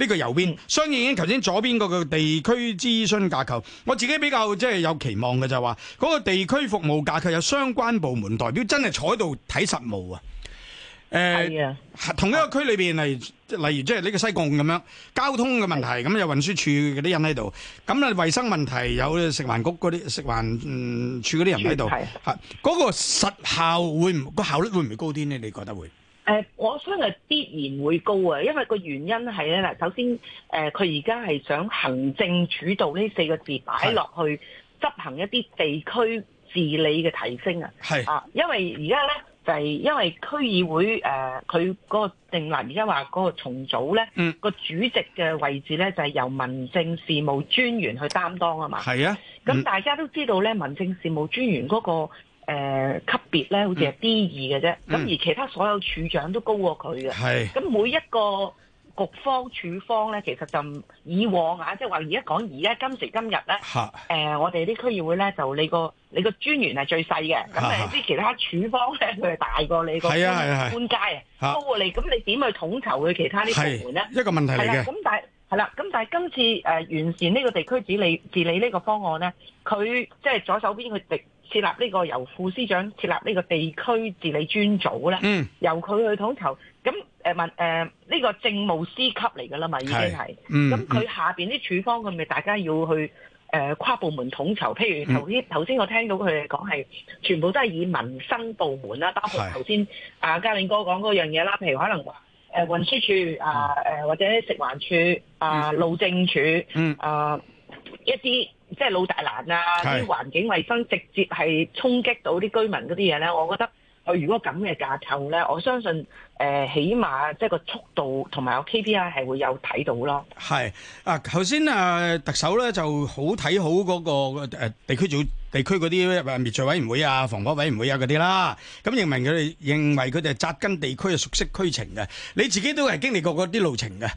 呢個右邊、嗯、相應已經頭先左邊嗰個地區諮詢架構。我自己比較即係有期望嘅就話，嗰、嗰個地區服務架構有相關部門代表真係坐喺度睇實務啊！誒，呃、的同一個區裏邊，例如例如即係呢個西貢咁樣，交通嘅問題，咁的有運輸處嗰啲人喺度，咁啊衛生問題有食環局嗰啲食環嗯處嗰啲人喺度，係嗰、個實效會唔、個效率會唔會高啲呢？你覺得會？誒、呃，我相信必然會高啊，因為個原因係咧嗱，首先誒，佢而家係想行政主導呢四個字擺落去執的行一啲地區治理嘅提升啊，係的啊，因為而家咧。就係因為區議會誒，佢、呃、嗰個定立而家話嗰個重組咧，個、嗯、主席嘅位置咧就係、是、由民政事務專員去擔當啊嘛。係啊，咁大家都知道咧，嗯、民政事務專員嗰、那個誒、呃、級別咧，好似係 D 二嘅啫。咁、嗯、而其他所有處長都高過佢嘅。係是。咁每一個。局方處方咧，其實就以往啊，即係話而家講而家今時今日咧、啊，誒哈、呃，我哋啲區議會咧，就你個你個專員係最細嘅，咁啊啲其他處方咧，佢係大過你個，係啊係係，官階啊，高過、啊啊、你，咁你點去統籌佢其他啲部門咧？一個問題嘅。咁、啊、但係係啦，咁但係今次誒、呃、完善呢個地區治理治理呢個方案咧，佢即係左手邊佢設設立呢、呢個由副司長設立呢個地區治理專組咧，嗯、由佢去統籌。咁誒問誒呢個政務司級嚟㗎啦嘛，已經係，咁佢、嗯、下邊啲處方佢咪、嗯、大家要去誒、呃、跨部門統籌，譬如頭先頭先我聽到佢哋講係全部都係以民生部門啦，包括頭先是啊嘉明哥講嗰樣嘢啦，譬如可能誒運輸處啊誒或者食環處啊、呃嗯、路政處啊、嗯呃、一啲即係老大難啊啲環是境衞生直接係衝擊到啲居民嗰啲嘢咧，我覺得。如果咁嘅架構咧，我相信誒、呃、起碼即係個速度同埋個 KPI 係會有睇到咯。係啊，頭先啊特首咧就好睇好嗰，那個、啊、地區組地區嗰啲誒滅罪委員會啊、防火委員會啊嗰啲啦，咁認為佢哋認為佢哋扎根地區嘅熟悉區情嘅，你自己都係經歷過嗰啲路程嘅。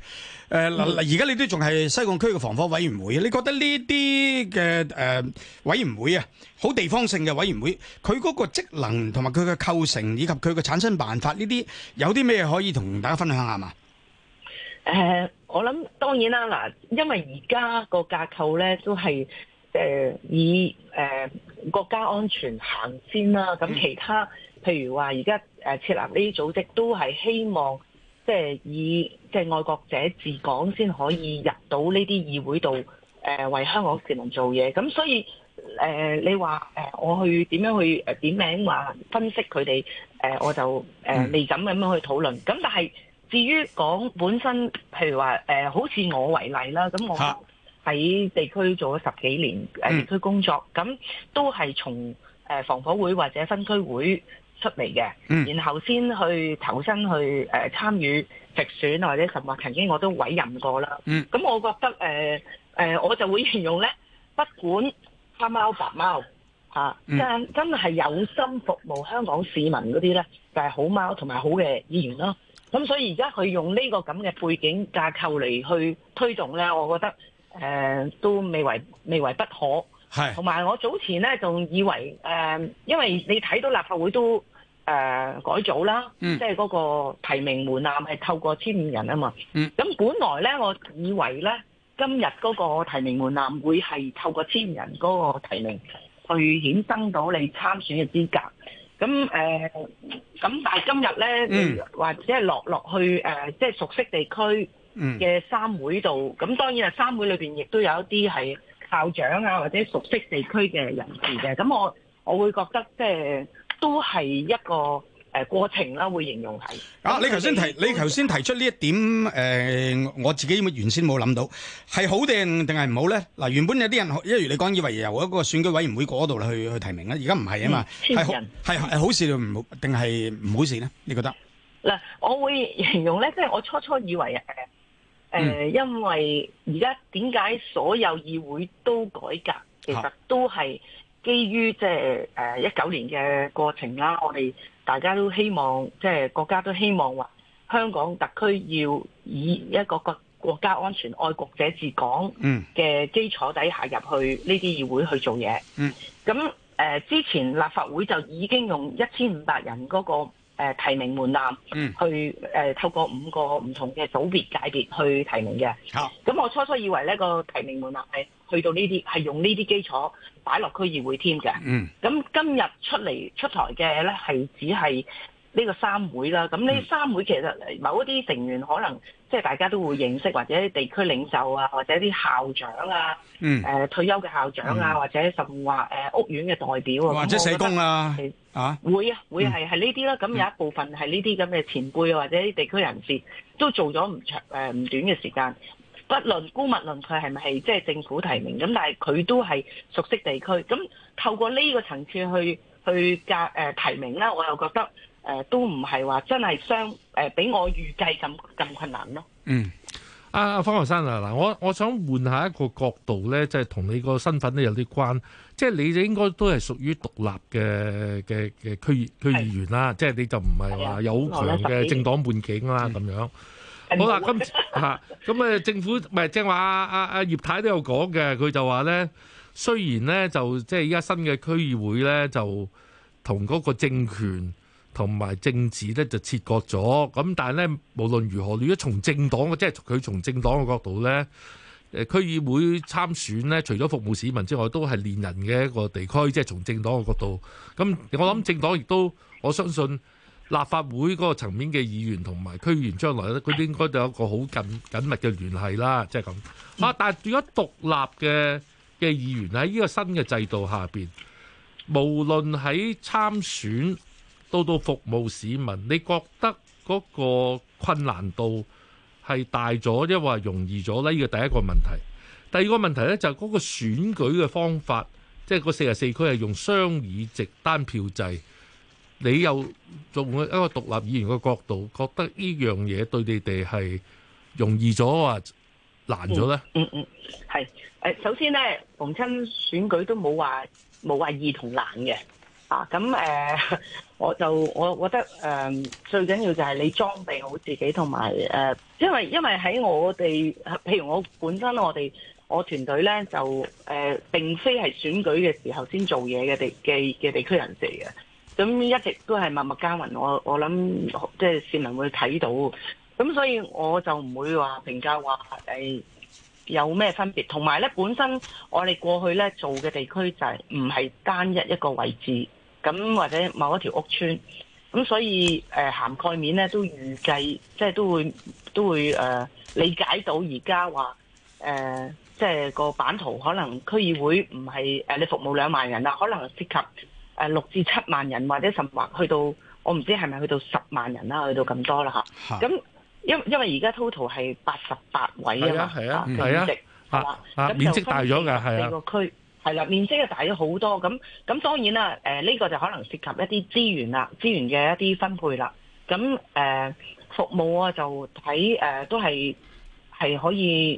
誒嗱而家你都仲係西貢區嘅防火委員會，你覺得呢啲嘅誒委員會啊，好地方性嘅委員會，佢嗰個職能同埋佢嘅構成以及佢嘅產生辦法呢啲，有啲咩可以同大家分享下嘛？誒、呃，我諗當然啦，嗱，因為而家個架構咧都係誒、呃、以。誒、呃、國家安全行先啦、啊，咁其他譬如話，而家誒設立呢啲組織都係希望，即係以即係愛國者治港先可以入到呢啲議會度誒、呃、為香港市民做嘢，咁所以誒、呃、你話、呃、我去點樣去點名話分析佢哋誒，我就誒、呃、未敢咁樣去討論。咁但係至於講本身，譬如話誒、呃，好似我為例啦，咁我。喺地區做咗十幾年地區工作，咁、嗯、都係從、呃、防火會或者分區會出嚟嘅，嗯、然後先去投身去誒參與直選，或者甚至曾經我都委任過啦。咁、嗯、我覺得誒、呃呃、我就會形容呢，不管黑貓白貓，啊嗯、真真係有心服務香港市民嗰啲呢，就係、是、好貓同埋好嘅議員咯。咁所以而家佢用呢個咁嘅背景架構嚟去推動呢，我覺得。誒、呃、都未為未為不可，同埋是我早前咧仲以為誒、呃，因為你睇到立法會都誒、呃、改組啦，嗯、即係嗰個提名門檻係透過千五人啊嘛。咁、嗯、本來咧，我以為咧，今日嗰個提名門檻會係透過千五人嗰個提名去衍生到你參選嘅資格。咁誒，咁、呃、但係今日咧，嗯、或者落落去、呃、即係熟悉地區。嘅、嗯、三會度，咁當然啊，三會裏邊亦都有一啲係校長啊，或者熟悉地區嘅人士嘅。咁我我會覺得即係都係一個誒、呃、過程啦，會形容係。啊，你頭先提，是你頭先提出呢一點誒、呃，我自己咁嘅原先冇諗到，係好定定係唔好咧？嗱，原本有啲人，例如你講，以為由一個選舉委員會嗰度去去提名咧，而家唔係啊嘛，係係、嗯、好，好事定唔定係唔好事咧？你覺得？嗱，我會形容咧，即係我初初以為誒。誒，嗯、因為而家點解所有議會都改革，其實都係基於即係誒一九年嘅過程啦、啊。我哋大家都希望，即、就、係、是、國家都希望話香港特區要以一個國國家安全、愛國者治港嘅基礎底下入去呢啲議會去做嘢、嗯。嗯，咁、呃、之前立法會就已經用一千五百人嗰、那個。誒、呃、提名門檻嗯，去誒、呃、透過五個唔同嘅組別界別去提名嘅。好、嗯，咁我初初以為呢、呢個提名門檻係去到呢啲，係用呢啲基礎擺落區議會添嘅。嗯，咁今日出嚟出台嘅咧，係只係。呢個三會啦，咁呢三會其實某一啲成員可能即係大家都會認識，或者啲地區領袖啊，或者啲校長啊，誒、嗯呃、退休嘅校長啊，嗯、或者甚或誒屋苑嘅代表啊，或者社工啊，嚇、啊、會啊會係係呢啲啦。咁有一部分係呢啲咁嘅前輩、嗯、或者啲地區人士都做咗唔長誒唔短嘅時間，不論姑勿論佢係咪係即係政府提名咁，但係佢都係熟悉地區。咁透過呢個層次去去格誒、呃、提名啦，我又覺得。誒、呃、都唔係話真係相誒、呃，比我預計咁咁困難咯。嗯，阿、啊、阿方國珊啊，嗱，我我想換下一個角度咧，即係同你個身份咧有啲關，即係你就應該都係屬於獨立嘅嘅嘅區區議員啦。的即係你就唔係話有強嘅政黨背景啦。咁的、嗯、樣、嗯、好啦，今嚇咁誒政府唔係正話阿阿葉太都有講嘅，佢就話咧，雖然咧就即係而家新嘅區議會咧，就同嗰個政權，同埋政治咧就切割咗，咁但係咧，無論如何，如果從政黨嘅，即係佢從政黨嘅角度咧，誒區議會參選咧，除咗服務市民之外，都係練人嘅一個地區，即係從政黨嘅角度。咁我諗政黨亦都，我相信立法會嗰個層面嘅議員同埋區議員將來咧佢都應該都有一個好緊緊密嘅聯繫啦，即係咁。啊，但係如果獨立嘅嘅議員喺呢個新嘅制度下邊，無論喺參選。到到服務市民，你覺得嗰個困難度係大咗，抑或容易咗呢？呢個第一個問題，第二個問題呢，就係嗰個選舉嘅方法，即係個四十四區係用雙議席單票制。你又從一個獨立議員嘅角度，覺得呢樣嘢對你哋係容易咗，話難咗呢？嗯嗯，係、嗯。首先呢，逢親選舉都冇話冇話易同難嘅。啊，咁誒、呃，我就我覺得誒、呃，最緊要就係你裝備好自己，同埋誒，因為因為喺我哋，譬如我本身我哋我團隊咧，就誒、呃、並非係選舉嘅時候先做嘢嘅地嘅嘅地區人士嘅，咁一直都係默默耕耘。我我諗即係市民會睇到，咁所以我就唔會話評價話誒有咩分別。同埋咧，本身我哋過去咧做嘅地區就係唔係單一一個位置。咁或者某一條屋邨，咁所以誒、呃、涵蓋面咧都預計，即係都會都會誒、呃、理解到而家話誒，即係個版圖可能區議會唔係、呃、你服務兩萬人啦，可能涉及誒六、呃、至七萬人，或者甚至去到我唔知係咪去到十萬人啦，去到咁多啦嚇。咁因因為，因為而家 total 係八十八位啊啊，係啊，係啊，咁面積大咗嘅係啊。係啦，面積啊大咗好多，咁咁當然啦，誒、呃、呢、呢個就可能涉及一啲資源啦，資源嘅一啲分配啦，咁誒、呃、服務啊就睇誒、呃、都係係可以，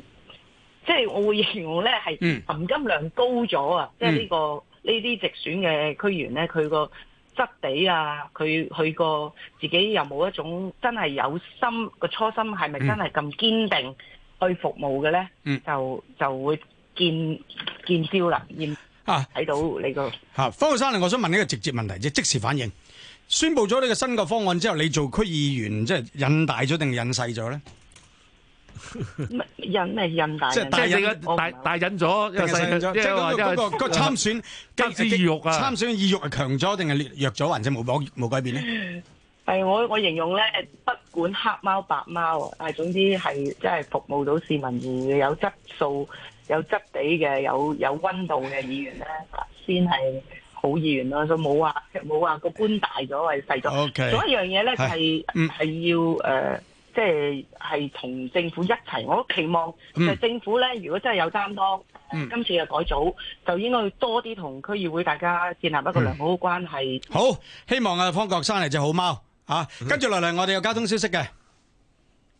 即、就、係、是、我會認為咧係含金量高咗啊，即係呢個呢啲直選嘅區員咧，佢個質地啊，佢佢個自己有冇一種真係有心個初心係咪真係咁堅定去服務嘅咧、嗯，就就會。見見標啦，見啊，睇到你個吓方國珊，我想問呢個直接問題，即時反應，宣布咗呢個新嘅方案之後，你做區議員即係引大咗定引細咗咧？引咩？引大，即係引大，大引咗，大引咗，即係嗰個嗰個參選意欲參選意欲係強咗定係弱咗，或者係冇冇改變呢？係我我形容咧，不管黑貓白貓，但係總之係即係服務到市民，而有質素。有質地嘅，有有溫度嘅議員咧，先係好議員咯，所以冇話冇話個官大咗，係細咗。仲有一樣嘢咧，就係係要誒，即係係同政府一齊。我期望就政府咧，如果真係有擔當，今次嘅改組就應該要多啲同區議會大家建立一個良好嘅關係。好，希望啊，方國珊嚟隻好貓嚇。跟住落嚟，我哋有交通消息嘅。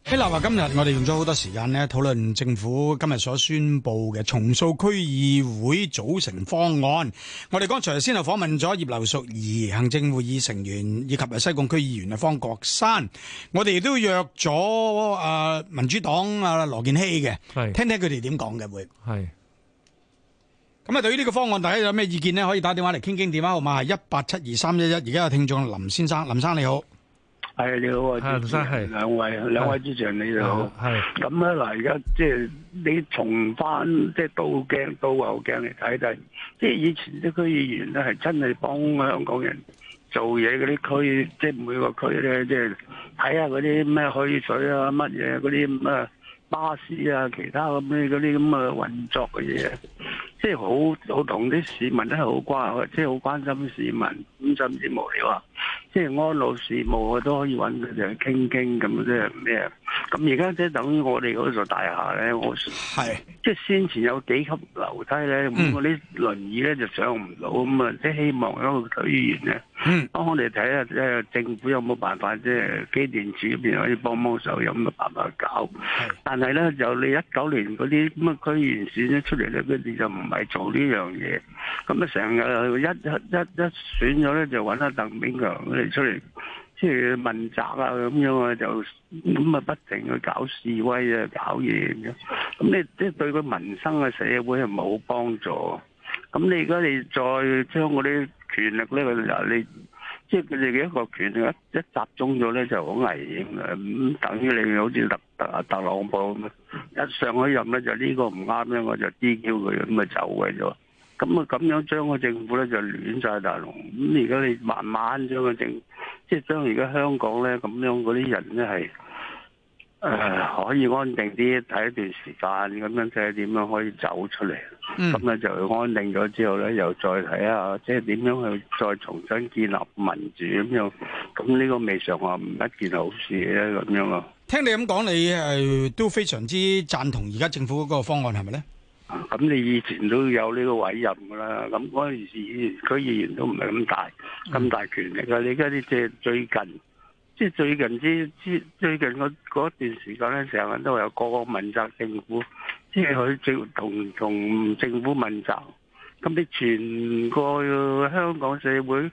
希臘話：今日我哋用咗好多時間咧討論政府今日所宣佈嘅重塑區議會組成方案。我哋剛才先後訪問咗葉劉淑儀行政會議成員，以及啊西貢區議員啊方國珊。我哋亦都約咗啊民主黨啊羅健熙嘅，係聽聽佢哋點講嘅會。係咁啊！對於呢個方案，大家有咩意見咧？可以打電話嚟，傾傾。電話號碼係一八七二三一一。而家有聽眾林先生，林先生你好。係你好啊，先生係兩位，兩位主持人，你哋好。係咁咧嗱，而家即係你重翻即係倒鏡、倒後鏡你睇睇，即係以前啲區議員咧係真係幫香港人做嘢嗰啲區，即係每個區咧即係睇下嗰啲咩去水啊乜嘢嗰啲咁啊，巴士啊其他咁咩嗰啲咁嘅運作嘅嘢，即係好好同啲市民都係好關心，即係好關心市民，咁使唔使無聊啊？即係安老事務，我都可以揾佢哋傾傾咁，即係咩？咁而家即係等於我哋嗰座大廈咧，我係是即係先前有幾級樓梯咧，咁啲輪椅咧就上唔到，咁啊、嗯嗯，即係希望嗰個區議員咧，幫我哋睇下，即係政府有冇辦法即係機電處嗰邊可以幫幫手，有冇辦法搞？是但係咧，就你一九年嗰啲咁啊，區議員選出嚟咧，佢哋就唔係做呢樣嘢，咁啊，成日一一一選咗咧，就揾下鄧炳強。出嚟即係問責啊咁樣啊，就咁啊不停去搞示威啊，搞嘢咁樣，咁你即係對佢民生嘅社會係冇幫助。咁你而家你再將嗰啲權力咧，啊你即係佢哋嘅一個權力一,一集中咗咧就好危險啊。咁等於你好似特特特朗普咁啊，一上咗任咧就呢個唔啱咧，我就 DQ 佢咁咪走嘅咗。咁啊，咁樣將個政府咧就亂晒大龍。咁而家你慢慢將個政府，即係將而家香港咧咁樣嗰啲人咧係誒可以安定啲睇一段時間，咁樣睇下點樣可以走出嚟。咁咧、嗯、就安定咗之後咧，又再睇下，即係點樣去再重新建立民主咁樣。咁呢個未上話唔一件好事咧，咁樣咯。聽你咁講，你都非常之贊同而家政府嗰個方案，係咪咧？咁你以前都有呢個委任噶啦，咁嗰陣時區議員都唔係咁大咁大權力噶。你而家啲即係最近，即係最近之之最近嗰段時間咧，成日都話有個個問責政府，即係佢照同同政府問責，咁你全個香港社會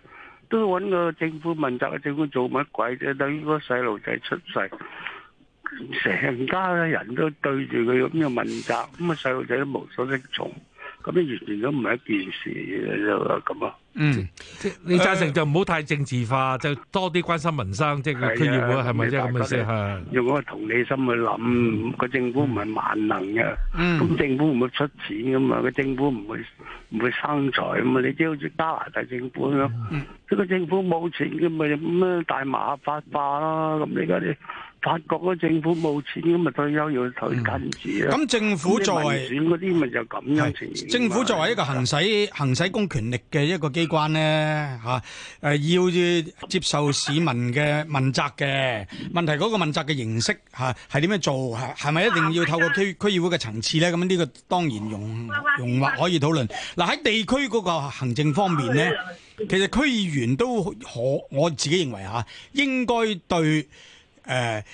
都搵個政府問責，政府做乜鬼啫？等於個細路仔出世。成家人都對住佢咁嘅問責，咁啊細路仔都無所適從，咁啊完全都唔係一件事就咁啊。嗯，即你贊成就唔好太政治化，就多啲關心民生，即係個區議會係咪即係咁嘅意思？用個同理心去諗，個政府唔係萬能嘅，咁政府唔會出錢嘅嘛，個政府唔會唔會生財啊嘛？你即好似加拿大政府咁，即個政府冇錢，咁咪咩大麻法化囉。咁你而家啲。法國個政府冇錢咁咪退休要退金子啊！咁、嗯、政府作為啲咪就咁樣，樣政府作為一個行使行使公權力嘅一個機關咧，吓誒、嗯啊、要接受市民嘅問責嘅問題，嗰個問責嘅形式吓係點樣做？係咪一定要透過區區議會嘅層次咧？咁呢個當然容容或可以討論。嗱、啊、喺地區嗰個行政方面呢，其實區議員都可，我自己認為吓應該對。誒、呃，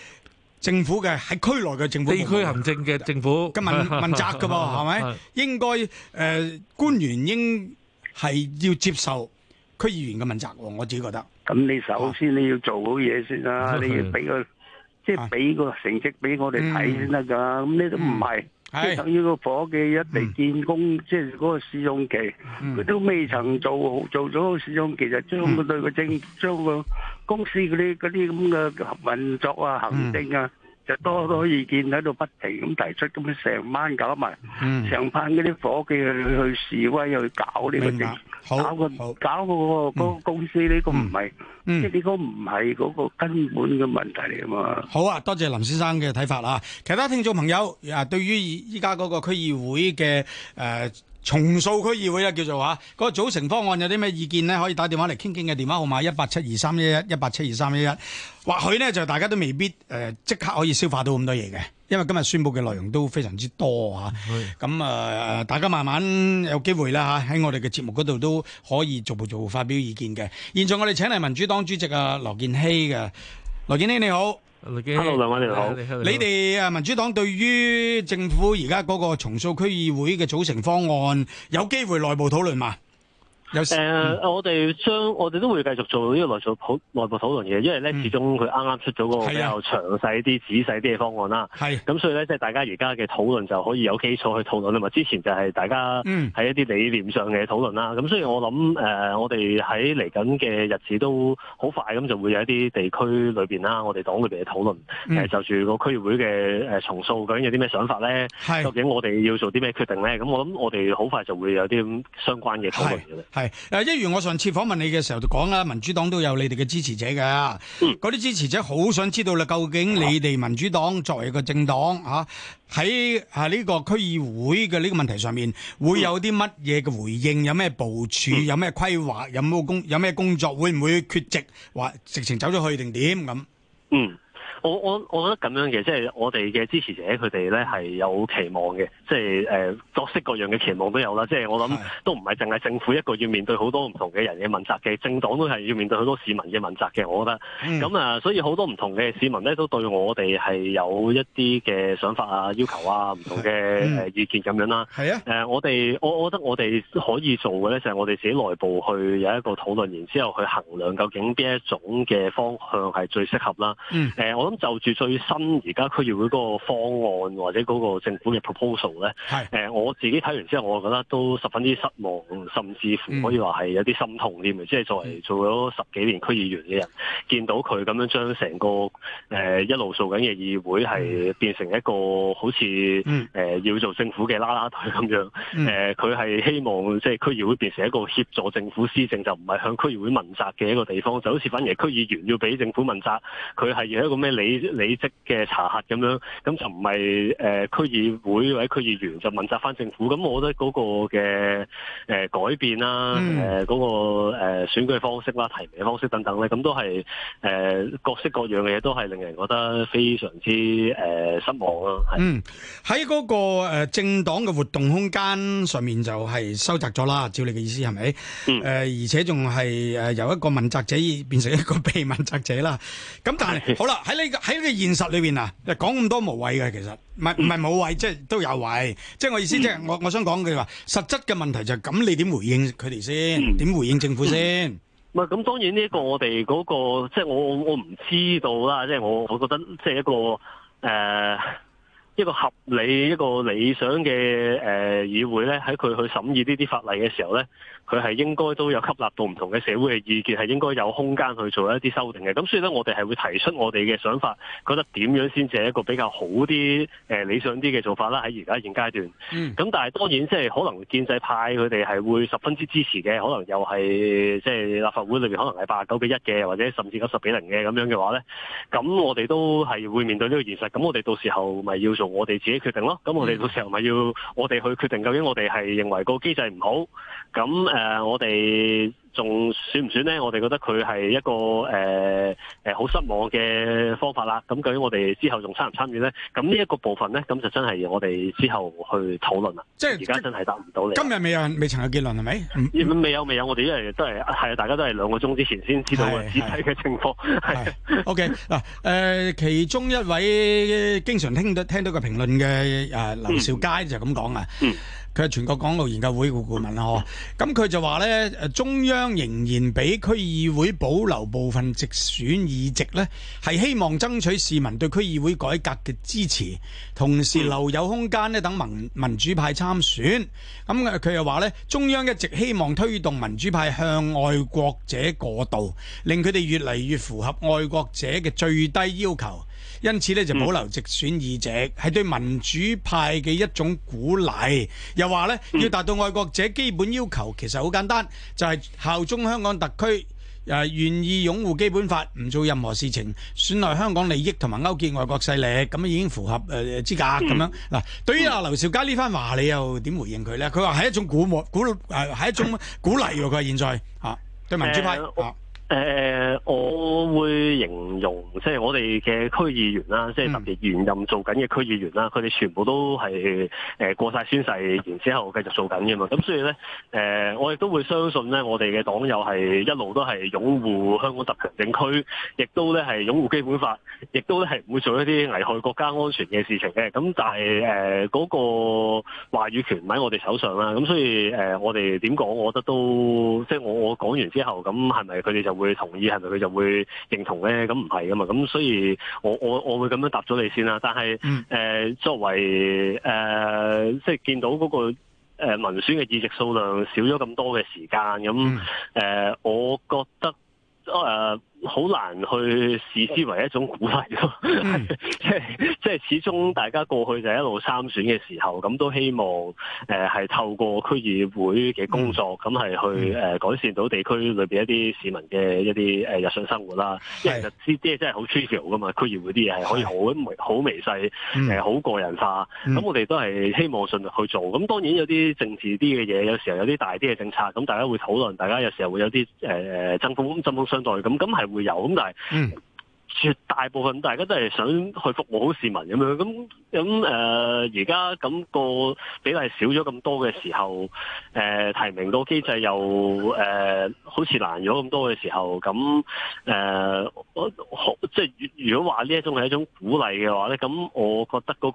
政府嘅喺區內嘅政府，地區行政嘅政府嘅問 <laughs> 問，問責噶，係咪？ <laughs> 應該誒、呃、官員應係要接受區議員嘅問責，我自己覺得。咁你首先你要做好嘢先啦、啊，啊、你要俾個、啊、即係俾個成績俾我哋睇先得噶，咁呢、嗯、都唔係。即係、嗯、等於個夥計一嚟見工，即係嗰個試用期，佢、嗯、都未曾做做咗個試用期，就將佢對個政，將、嗯、個公司嗰啲啲咁嘅運作啊、行政啊，嗯、就多多意見喺度不停咁提出，咁樣成晚搞埋，成班嗰啲夥計去去示威又去搞呢個政。好搞個搞個個公司呢個唔係，即係呢個唔係嗰個根本嘅問題嚟嘛？好啊，多謝林先生嘅睇法啊。其他聽眾朋友，啊，對於依家嗰個區議會嘅誒。重塑區議會啊，叫做吓，啊那個組成方案有啲咩意見呢？可以打電話嚟，傾傾嘅電話號碼一八七二三一一一八七二三一一，或許呢，就大家都未必誒即、呃、刻可以消化到咁多嘢嘅，因為今日宣布嘅內容都非常之多啊。咁啊是、呃，大家慢慢有機會啦，喺、啊、我哋嘅節目嗰度都可以逐步做逐步發表意見嘅。現在我哋請嚟民主黨主席啊，羅健熙嘅，羅健熙你好。hello，兩位你好。你哋民主黨對於政府而家嗰個重塑區議會嘅組成方案，有機會內部討論嗎？誒、嗯 uh，我哋將我哋都會繼續做呢個內部討論嘅，因為咧、嗯、始終佢啱啱出咗個個比較詳細啲、的仔細啲嘅方案啦。咁的所以咧，即係大家而家嘅討論就可以有基礎去討論啦。嘛，之前就係大家喺一啲理念上嘅討論啦。咁、嗯、所以我諗誒、呃，我哋喺嚟緊嘅日子都好快咁，就會有一啲地區裏面啦，我哋黨裏面嘅討論，就住個區議會嘅重塑究竟有啲咩想法咧？的究竟我哋要做啲咩決定咧？咁的我諗我哋好快就會有啲相關嘅討論。誒，一如我上次訪問你嘅時候就講啦，民主黨都有你哋嘅支持者嘅，嗰啲，嗯、支持者好想知道啦，究竟你哋民主黨作為一個政黨吓，喺、啊、呢個區議會嘅呢個問題上面，會有啲乜嘢嘅回應？有咩部署？嗯、有咩規劃？有冇工？有咩工作？會唔會缺席？話直情走咗去定點咁？嗯。我我我覺得咁樣嘅，即係我哋嘅支持者佢哋咧係有期望嘅，即係誒各式各樣嘅期望都有啦。即係我諗都唔係淨係政府一個要面對好多唔同嘅人嘅問責嘅，政黨都係要面對好多市民嘅問責嘅。我覺得，咁啊、嗯，所以好多唔同嘅市民咧都對我哋係有一啲嘅想法啊、要求啊、唔同嘅意見咁樣啦。係啊、嗯呃，我哋我我覺得我哋可以做嘅咧，就係我哋自己內部去有一個討論，然之後去衡量究竟邊一種嘅方向係最適合啦、嗯呃。我。就住最新而家區議會嗰個方案或者嗰個政府嘅 proposal 咧，誒是、呃、我自己睇完之後我覺得都十分之失望，甚至乎可以話係有啲心痛添。嗯、即係作為做咗十幾年區議員嘅人，見到佢咁樣將成個誒、呃、一路做緊嘅議會係變成一個好似誒、呃、要做政府嘅啦啦隊咁樣，誒佢係希望即係區議會變成一個協助政府施政，就唔係向區議會問責嘅一個地方，就好似反而區議員要俾政府問責，佢係要一個咩理理職嘅查核咁樣，咁就唔係誒區議會或者區議員就問責翻政府，咁我覺得嗰個嘅誒、呃、改變啦，誒、呃、嗰、嗯那個誒、呃、選舉嘅方式啦、提名嘅方式等等咧，咁都係誒、呃、各式各樣嘅嘢，都係令人覺得非常之誒、呃、失望咯。係嗯，喺嗰個誒政黨嘅活動空間上面就係收窄咗啦，照你嘅意思係咪？嗯。誒、呃、而且仲係誒由一個問責者變成一個被問責者啦。咁但係 <laughs> 好啦，喺呢。喺呢個現實裏邊啊，講咁多無謂嘅其實，唔係唔係無謂，嗯、即係都有謂。即係我意思即係、嗯，我我想講佢哋話，實質嘅問題就係、是、咁，你點回應佢哋先？點、嗯、回應政府先？唔係咁，當然呢、這、一個我哋嗰、那個，即係我我唔知道啦。即係我我覺得，即係一個誒。呃一個合理、一個理想嘅誒、呃、議會咧，喺佢去審議呢啲法例嘅時候咧，佢係應該都有吸納到唔同嘅社會嘅意見，係應該有空間去做一啲修訂嘅。咁所以咧，我哋係會提出我哋嘅想法，覺得點樣先至係一個比較好啲、誒、呃、理想啲嘅做法啦。喺而家現階段，咁、嗯、但係當然即係可能建制派佢哋係會十分之支持嘅，可能又係即係立法會裏面，可能係八十九比一嘅，或者甚至九十比零嘅咁樣嘅話咧，咁我哋都係會面對呢個現實。咁我哋到時候咪要。做我哋自己決定咯。咁我哋到時候咪要我哋去決定，究竟我哋係認為個機制唔好。咁誒、呃，我哋。仲算唔算咧？我哋覺得佢係一個誒好、呃呃、失望嘅方法啦。咁究竟我哋之後仲參唔參與咧？咁呢一個部分咧，咁就真係我哋之後去討論啦。即係而家真係答唔到你了。今日未有未曾有結論係咪？是是未有未有，我哋因為都係啊，大家都係兩個鐘之前先知道嘅具體嘅情況。 <laughs> OK 嗱、呃，誒其中一位經常聽到聽到個評論嘅誒、呃、劉兆佳就咁講啊。嗯嗯佢係全國港澳研究會顧顧問。咁佢就話咧，中央仍然俾區議會保留部分直選議席咧，係希望爭取市民對區議會改革嘅支持，同時留有空間咧，等民民主派參選。咁佢又話咧，中央一直希望推動民主派向愛國者過渡，令佢哋越嚟越符合愛國者嘅最低要求。因此咧就保留直選議席，係、嗯、對民主派嘅一種鼓勵。又話咧要達到愛國者基本要求，其實好簡單，就係、是、效忠香港特區，誒、呃、願意擁護基本法，唔做任何事情，損害香港利益同埋勾結外國勢力，咁已經符合誒、呃、資格咁樣。嗱、嗯，對於劉兆佳呢番話，你又點回應佢咧？佢話係一種鼓勵，鼓係一種鼓勵喎。佢話現在嚇、啊、對民主派、欸誒、呃，我會形容即係我哋嘅區議員啦，即係特別現任做緊嘅區議員啦，佢哋全部都係、呃、過晒宣誓，然之後繼續做緊嘅嘛。咁所以咧，誒、呃，我亦都會相信咧，我哋嘅黨友係一路都係擁護香港特別政區，亦都咧係擁護基本法，亦都咧係唔會做一啲危害國家安全嘅事情嘅。咁但係誒，嗰、呃那個話語權喺我哋手上啦。咁所以誒、呃，我哋點講？我覺得都即係我我講完之後，咁係咪佢哋就會？會同意係咪佢就會認同咧？咁唔係噶嘛，咁所以我我我會咁樣答咗你先啦。但係誒、嗯呃，作為誒、呃，即係見到嗰、那個誒、呃、民選嘅議席數量少咗咁多嘅時間，咁、嗯、誒、嗯呃，我覺得誒。呃好難去視之為一種鼓勵咯，即係即始終大家過去就一路參選嘅時候，咁都希望誒係、呃、透過區議會嘅工作，咁係、嗯、去、呃、改善到地區裏邊一啲市民嘅一啲、呃、日常生活啦。因為啲嘢是真係好 trivial 噶嘛，區議會啲嘢係可以好微好微細好、嗯呃、個人化。咁、嗯、我哋都係希望盡力去做。咁當然有啲政治啲嘅嘢，有時候有啲大啲嘅政策，咁大家會討論，大家有時候會有啲誒誒針鋒相對咁，咁係。會有咁，但係絕大部分大家都係想去服務好市民咁樣。咁咁誒，而家咁個比例少咗咁多嘅時候，誒、呃、提名個機制又誒、呃、好似難咗咁多嘅時候，咁誒、呃，我即係如果話呢一種係一種鼓勵嘅話咧，咁我覺得嗰、那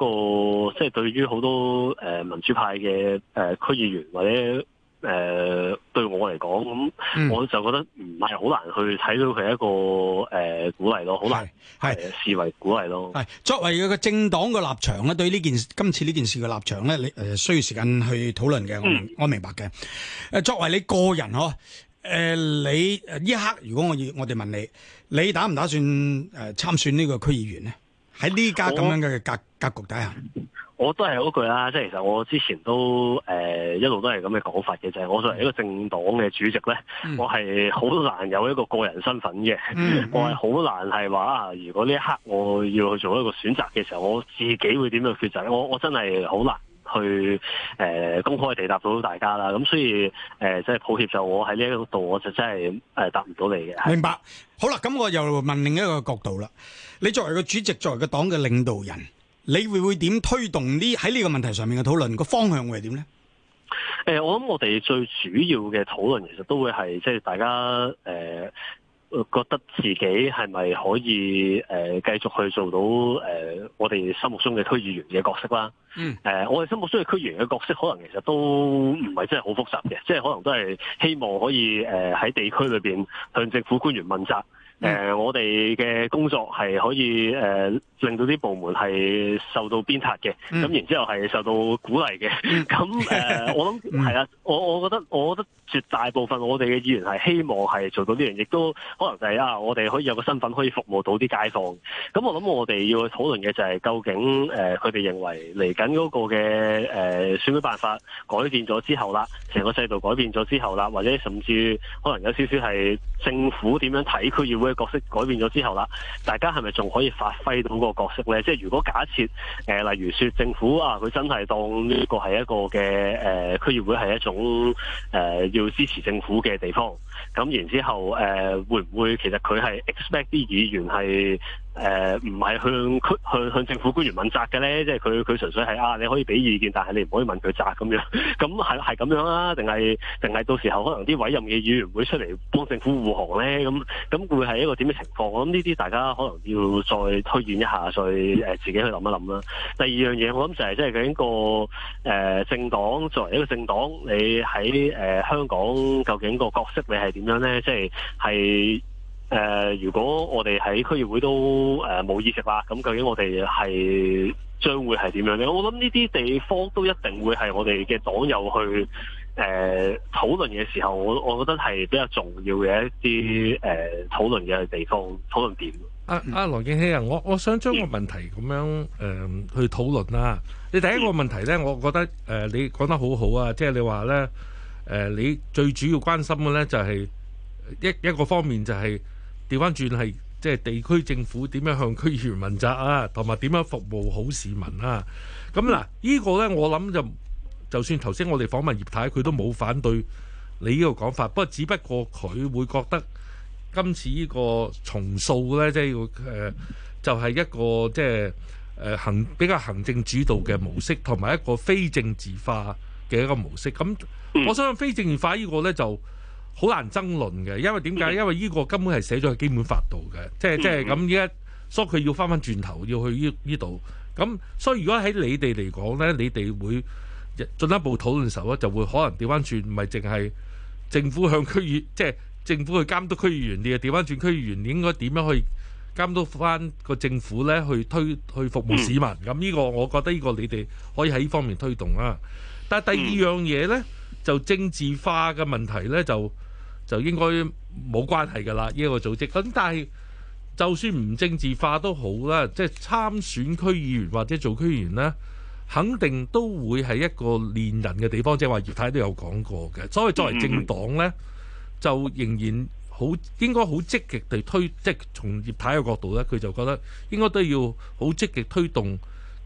個即係對於好多誒、呃、民主派嘅誒、呃、區議員或者。誒、呃，對我嚟講，咁我就覺得唔係好難去睇到佢一個誒、呃、鼓勵咯，好難係、呃、視為鼓勵咯。係作為佢個政黨嘅立場咧，對呢件今次呢件事嘅立場咧，你誒、呃、需要時間去討論嘅，嗯、我明白嘅。誒，作為你個人，嗬，誒，你誒，呢刻如果我要我哋問你，你打唔打算誒、呃、參選呢個區議員呢，喺呢家咁樣嘅格、哦、格局底下？我都係嗰句啦，即係其實我之前都誒、呃、一路都係咁嘅講法嘅就係、是、我作為一個政黨嘅主席咧，嗯、我係好難有一個個人身份嘅，嗯嗯、我係好難係話啊！如果呢一刻我要去做一個選擇嘅時候，我自己會點樣抉擇？我我真係好難去誒、呃、公開地答到大家啦。咁所以誒，即、呃、係抱歉就我喺呢一度我就真係誒答唔到你嘅。明白。好啦，咁我又問另一個角度啦。你作為個主席，作為個黨嘅領導人。你會會點推動呢？喺呢個問題上面嘅討論個方向會係點呢？誒、呃，我諗我哋最主要嘅討論，其實都會係即係大家誒、呃，覺得自己係咪可以誒繼、呃、續去做到誒、呃，我哋心目中嘅區議員嘅角色啦。嗯。誒、呃，我哋心目中嘅區議員嘅角色，可能其實都唔係真係好複雜嘅，即、就、係、是、可能都係希望可以誒喺、呃、地區裏邊向政府官員問責。誒，呃嗯、我哋嘅工作係可以誒、呃，令到啲部門係受到鞭撻嘅，咁、嗯、然之後係受到鼓勵嘅。咁誒、嗯 <laughs> 呃，我諗係啊，我我覺得，我覺得絕大部分我哋嘅議員係希望係做到呢樣，亦都可能就係啊，我哋可以有個身份可以服務到啲街坊。咁我諗我哋要去討論嘅就係究竟誒，佢、呃、哋認為嚟緊嗰個嘅誒選舉辦法改變咗之後啦，成個制度改變咗之後啦，或者甚至可能有少少係政府點樣睇，佢要。嘅角色改變咗之後啦，大家係咪仲可以發揮到嗰個角色呢？即係如果假設誒、呃，例如説政府啊，佢真係當呢個係一個嘅誒、呃，區議會係一種誒、呃、要支持政府嘅地方，咁然之後誒、呃，會唔會其實佢係 expect 啲議員係？誒唔係向區向向政府官員問責嘅咧，即係佢佢純粹係啊，你可以俾意見，但係你唔可以問佢責咁樣。咁係係咁樣啊？定係定係到時候可能啲委任嘅議員會出嚟幫政府護航咧？咁咁會係一個點嘅情況？我諗呢啲大家可能要再推演一下，再誒、呃、自己去諗一諗啦。第二樣嘢，我諗就係即係究竟個誒、呃、政黨作為一個政黨，你喺誒、呃、香港究竟個角色你係點樣咧？即係係。誒、呃，如果我哋喺區議會都誒冇、呃、意識啦，咁、嗯、究竟我哋係將會係點樣呢？我諗呢啲地方都一定會係我哋嘅黨友去誒、呃、討論嘅時候，我我覺得係比較重要嘅一啲誒、呃、討論嘅地方。討論點？阿阿、啊啊嗯、羅健熙啊，我我想將個問題咁樣誒、呃、去討論啦、啊。你第一個問題呢，我覺得誒、呃、你講得好好啊，即、就、係、是、你話呢，誒、呃，你最主要關心嘅呢就係一一個方面就係、是。調翻轉係即係地區政府點樣向區議員問責啊，同埋點樣服務好市民啊？咁嗱，呢個呢，我諗就就算頭先我哋訪問葉太，佢都冇反對你呢個講法，不過只不過佢會覺得今次呢個重塑呢，即係要誒，就係一個即係行比較行政主導嘅模式，同埋一個非政治化嘅一個模式。咁我相信非政治化呢個呢，就。好難爭論嘅，因為點解？因為呢個根本係寫咗喺基本法度嘅，即係即係咁依家，所以佢要翻翻轉頭要去呢度。咁所以如果喺你哋嚟講呢，你哋會進一步討論時候咧，就會可能調翻轉，唔係淨係政府向區議，即係政府去監督區議員啲嘅，調翻轉區議員你應該點樣去監督翻個政府呢？去推去服務市民。咁，嗯，呢個我覺得呢個你哋可以喺呢方面推動啦。但第二樣嘢呢，就政治化嘅問題呢，就就應該冇關係㗎啦，呢個組織咁，但係就算唔政治化都好啦，即係參選區議員或者做區議員呢，肯定都會係一個練人嘅地方，即係話葉太都有講過嘅。所以作為政黨呢，就仍然好應該好積極地推，即係從葉太嘅角度呢，佢就覺得應該都要好積極推動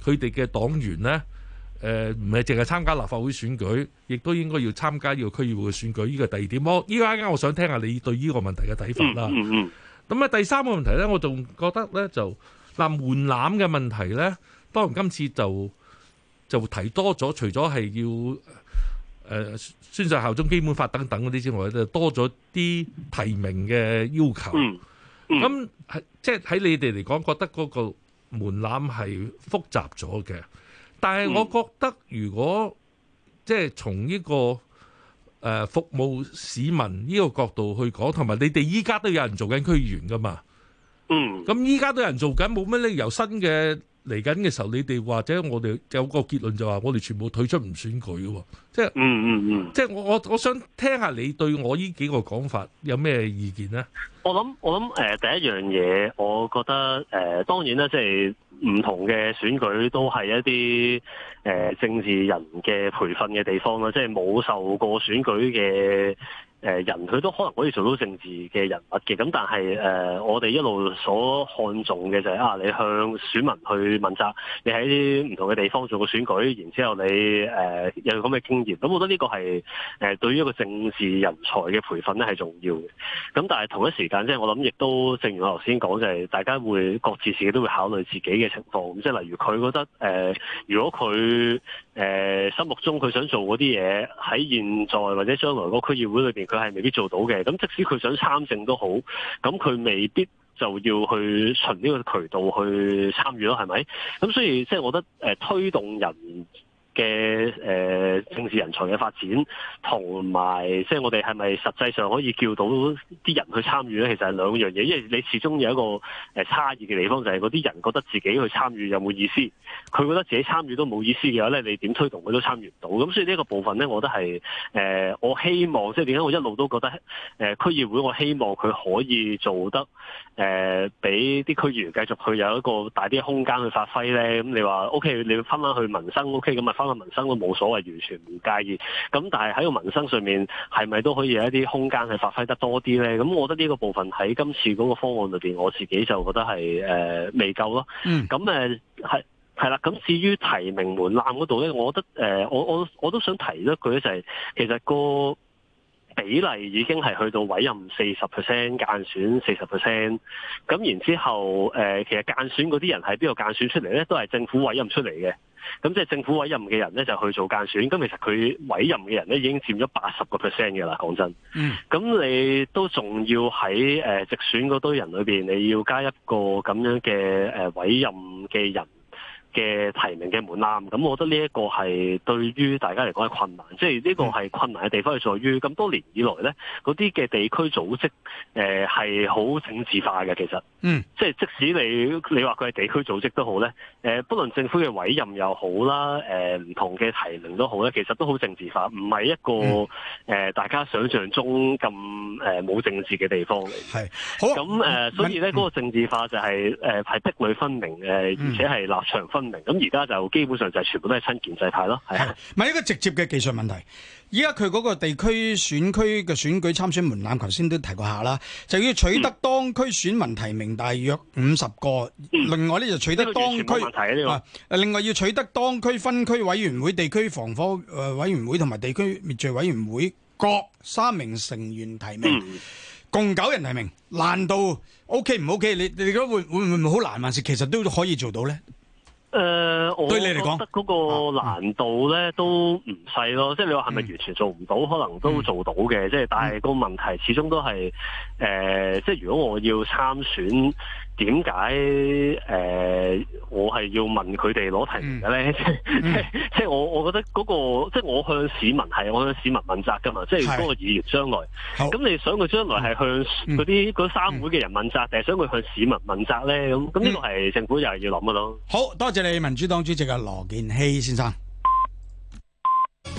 佢哋嘅黨員呢。誒唔係淨係參加立法會選舉，亦都應該要參加呢個區議會選舉。依個第二點，我依家啱啱我想聽下你對呢個問題嘅睇法啦。咁啊、嗯，嗯嗯、第三個問題咧，我仲覺得咧就嗱門檻嘅問題咧，當然今次就就提多咗，除咗係要誒、呃、宣誓效忠基本法等等嗰啲之外，就多咗啲提名嘅要求。咁、嗯嗯、即係喺你哋嚟講，覺得嗰個門檻係複雜咗嘅。但係我覺得，如果即係從呢個誒服務市民呢個角度去講，同埋你哋依家都有人做緊區議員噶嘛？嗯。咁依家都有人做緊，冇乜理由新嘅嚟緊嘅時候，你哋或者我哋有個結論就話，我哋全部退出唔選舉嘅，即係嗯嗯嗯。即係我我我想聽下你對我呢幾個講法有咩意見呢？我諗我諗誒，第一樣嘢，我覺得誒，當然啦、就是，即係。唔同嘅選舉都係一啲呃政治人嘅培訓嘅地方啦，即係冇受過選舉嘅誒人佢都可能可以做到政治嘅人物嘅，咁但係誒我哋一路所看重嘅就係啊，你向選民去問責，你喺啲唔同嘅地方做過選舉，然之後你誒有咁嘅經驗，咁我覺得呢個係誒對於一個政治人才嘅培訓咧係重要嘅。咁但係同一時間即係我諗，亦都正如我頭先講，就係大家會各自自己都會考慮自己嘅情況，即係例如佢覺得誒如果佢誒心目中佢想做嗰啲嘢喺現在或者將來個區議會裏邊。佢係未必做到嘅，咁即使佢想參政都好，咁佢未必就要去循呢個渠道去參與咯，係咪？咁所以即係我覺得誒、呃、推動人。嘅、呃、政治人才嘅發展，同埋即係我哋係咪實際上可以叫到啲人去參與咧？其實係兩樣嘢，因為你始終有一個差異嘅地方，就係嗰啲人覺得自己去參與有冇意思，佢覺得自己參與都冇意思嘅話咧，你點推動佢都參與唔到。咁所以呢個部分咧，我覺得係誒我希望，即係點解我一路都覺得誒區、呃、議會我希望佢可以做得誒俾啲區議員繼續去有一個大啲嘅空間去發揮咧。咁你話 O K，你要分翻去民生 O K 咁啊？OK，民生都冇所謂，完全唔介意。咁但係喺個民生上面，係咪都可以有一啲空間係發揮得多啲呢？咁我覺得呢個部分喺今次嗰個方案入邊，我自己就覺得係誒、呃、未夠咯。咁誒係係啦。咁至於提名門檻嗰度呢，我覺得誒、呃、我我我都想提一句咧就係、是、其實個比例已經係去到委任四十 percent，間選四十 percent。咁然之後誒、呃，其實間選嗰啲人喺邊度間選出嚟呢？都係政府委任出嚟嘅。咁即係政府委任嘅人咧，就去做間選。咁其實佢委任嘅人咧，已經佔咗八十個 percent 嘅啦。講真，嗯，咁你都仲要喺誒、呃、直選嗰堆人裏邊，你要加一個咁樣嘅誒、呃、委任嘅人。嘅提名嘅門檻，咁我覺得呢一個係對於大家嚟講係困難，即係呢個係困難嘅地方係在於咁多年以來咧，嗰啲嘅地區組織誒係好政治化嘅。其實嗯，即係即使你你話佢係地區組織都好咧，誒、呃、不論政府嘅委任又好啦，誒、呃、唔同嘅提名都好呢，其實都好政治化，唔係一個誒、嗯呃、大家想象中咁誒冇政治嘅地方嚟，係好咁誒，呃啊、所以咧、啊、嗰個政治化就係誒係壁壘分明誒，呃嗯、而且係立場分明。分。咁而家就基本上就全部都係親建制派咯，係咪一個直接嘅技術問題？依家佢嗰個地區選區嘅選舉參選門檻，頭先都提過下啦，就要取得當區選民提名大約五十個，嗯、另外呢，就取得當區、啊這個啊，另外要取得當區分區委員會、地區防火委員會同埋地區滅罪委員會各三名成員提名，嗯、共九人提名。難度 O K 唔 O K？你你覺得會會唔會好難，還是其實都可以做到呢？誒、呃，我覺得嗰個難度咧、啊嗯、都唔細咯，即係你話係咪完全做唔到？嗯、可能都做到嘅，即係、嗯、但係個問題始終都係誒、呃，即係如果我要參選。點解誒我係要問佢哋攞提名嘅咧？即即即我我覺得嗰、嗰個即、即係、我向市民係我向市民問責㗎嘛，即係嗰個議員將來咁你想佢將來係向嗰啲嗰三會嘅人問責，定係想佢向市民問責咧？咁咁呢個係政府又係要諗嘅咯。好，好多謝你，民主黨主席嘅羅健熙先生。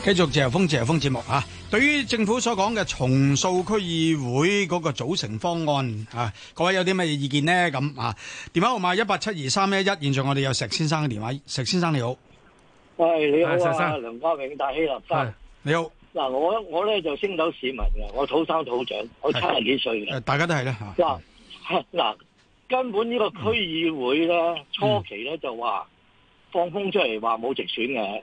繼續自由風自由風節目啊！對於政府所講嘅重塑區議會嗰個組成方案啊，各位有啲乜嘢意見呢？咁啊，電話號碼一八七二三一一，現在我哋有石先生嘅電話。石先生你好，係、哎、你好啊，啊石生梁家永大希南生、哎，你好。嗱、啊、我我咧就升斗市民啊，我土生土長，我七廿幾歲嘅、呃，大家都係啦吓。嗱、啊啊啊，根本呢個區議會咧、嗯、初期咧就話放風出嚟話冇直選嘅，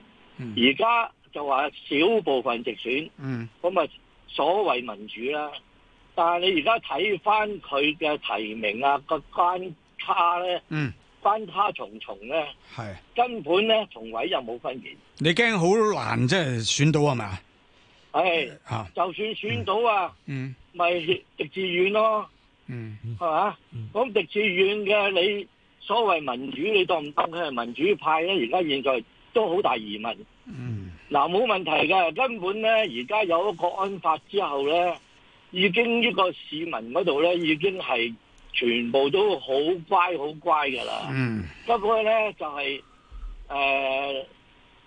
而家、嗯。就話少部分直選，嗯，咁啊所謂民主啦，但係你而家睇翻佢嘅提名啊，個關卡咧，嗯，關卡重重咧，係是根本咧，從位又冇分別，你驚好難即係、就是、選到係咪是啊？係嚇，就算選到啊，嗯，咪狄志遠咯嗯吧嗯，嗯，係嘛？咁狄志遠嘅你所謂民主，你當唔當佢係民主派咧？而家現在都好大疑問，嗯。嗱，冇問題嘅，根本咧，而家有個國安法之後咧，已經呢個市民嗰度咧已經係全部都好乖好乖嘅啦。嗯，mm. 不過咧就係誒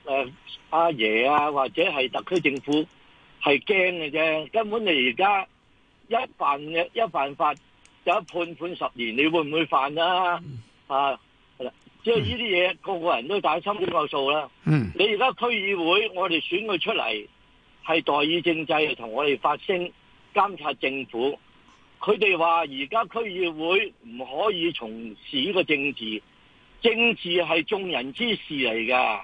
誒阿爺啊，或者係特區政府係驚嘅啫。根本你而家一犯一犯法就一判判十年，你會唔會犯啊？Mm. 啊！即係呢啲嘢，個、嗯、個人都大心點有數啦。嗯、你而家區議會，我哋選佢出嚟係代議政制，同我哋發聲監察政府。佢哋話而家區議會唔可以從事呢個政治，政治係眾人之事嚟㗎。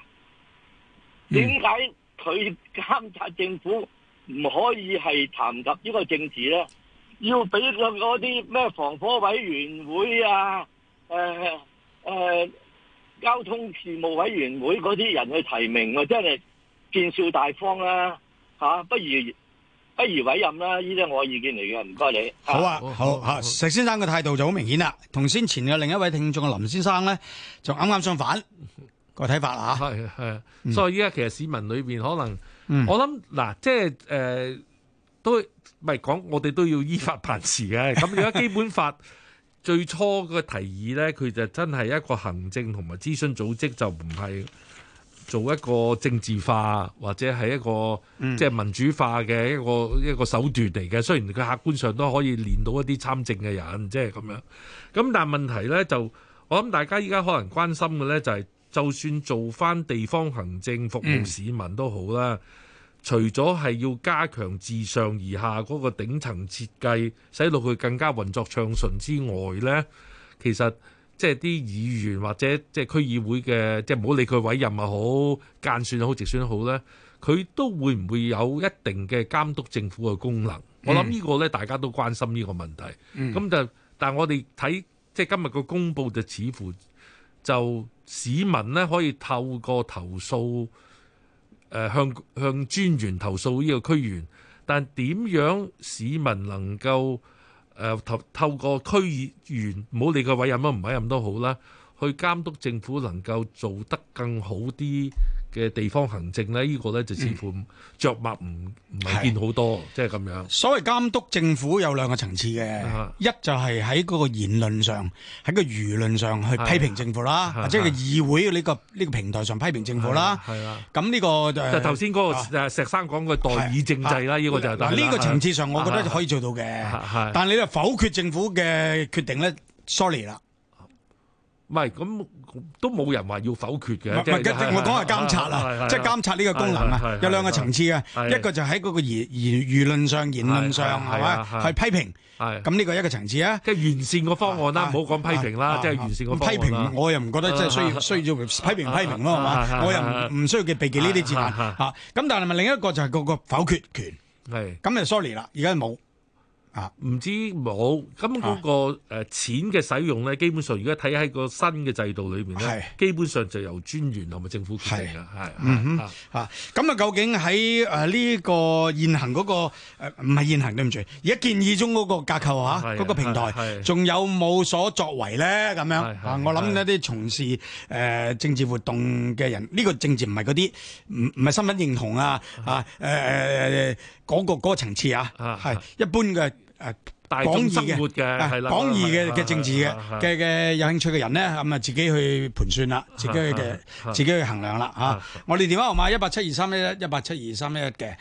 點解佢監察政府唔可以係談及呢個政治咧？要俾佢嗰啲咩防火委員會啊？呃呃交通事務委員會嗰啲人去提名，我真係見笑大方啦、啊、嚇、啊！不如不如委任啦，呢啲我嘅意見嚟嘅，唔該你好、啊。好啊，好嚇、啊，好啊、石先生嘅態度就好明顯啦，同先前嘅另一位聽眾嘅林先生咧，就啱啱相反個睇 <laughs> 法啦、啊。係係、啊啊，所以依家其實市民裏邊可能，嗯、我諗嗱、啊，即係誒、呃，都唔係講，我哋都要依法辦事嘅。咁而家基本法。 <laughs> 最初個提議呢，佢就真係一個行政同埋諮詢組織，就唔係做一個政治化或者係一個即係、就是、民主化嘅一個一個手段嚟嘅。雖然佢客觀上都可以練到一啲參政嘅人，即係咁樣。咁但係問題呢，就我諗大家依家可能關心嘅呢、就是，就係就算做返地方行政服務市民都好啦。嗯除咗係要加強自上而下嗰、嗰個頂層設計，使到佢更加運作暢順之外呢其實即係啲議員或者即係區議會嘅，即係唔好理佢委任又好間選又好直選又好呢佢都會唔會有一定嘅監督政府嘅功能？嗯、我諗呢個呢大家都關心呢個問題。咁、嗯、就但係我哋睇即係今日個公佈就似乎就市民呢可以透過投訴。誒向向專員投訴呢個區員，但點樣市民能夠誒、呃、透透過區議員，唔好理佢委任乜唔委任都好啦，去監督政府能夠做得更好啲。嘅地方行政咧，呢個咧就似乎着墨唔唔係見好多，即係咁樣。所謂監督政府有兩個層次嘅，一就係喺嗰個言論上，喺個輿論上去批評政府啦，即係議會呢個呢個平台上批評政府啦。係啦。咁呢個就頭先嗰個石生講嘅代議政制啦，呢個就係。嗱，呢個層次上，我覺得可以做到嘅。但你就否決政府嘅決定咧，sorry 啦。唔係，咁都冇人話要否決嘅。唔係，我講下監察啊，即係監察呢個功能啊。有兩個層次嘅，一個就喺嗰個言言輿論上、言論上，係咪係批評？係咁呢個一個層次啊。即係完善個方案啦，唔好講批評啦，即係完善個方案啦。批評我又唔覺得即係需要，需要批評批評咯，係嘛？我又唔唔需要嘅避忌呢啲字眼吓。咁但係咪另一個就係嗰個否決權？係咁就 sorry 啦，而家冇。啊，唔知冇咁嗰個誒錢嘅使用咧，基本上而家睇喺個新嘅制度裏面，咧，基本上就由專員同埋政府決定啦，嗯哼，咁啊，究竟喺誒呢個現行嗰個唔係現行，對唔住。而家建議中嗰個架構嚇，嗰個平台仲有冇所作為咧？咁樣啊，我諗一啲從事誒政治活動嘅人，呢個政治唔係嗰啲唔唔係身份認同啊，啊嗰個嗰個層次啊，一般嘅。誒廣義嘅，廣義嘅嘅政治嘅嘅嘅有興趣嘅人咧，咁啊自己去盤算啦，自己嘅自己去衡量啦嚇。我哋電話號碼一八七二三一一一八七二三一一嘅。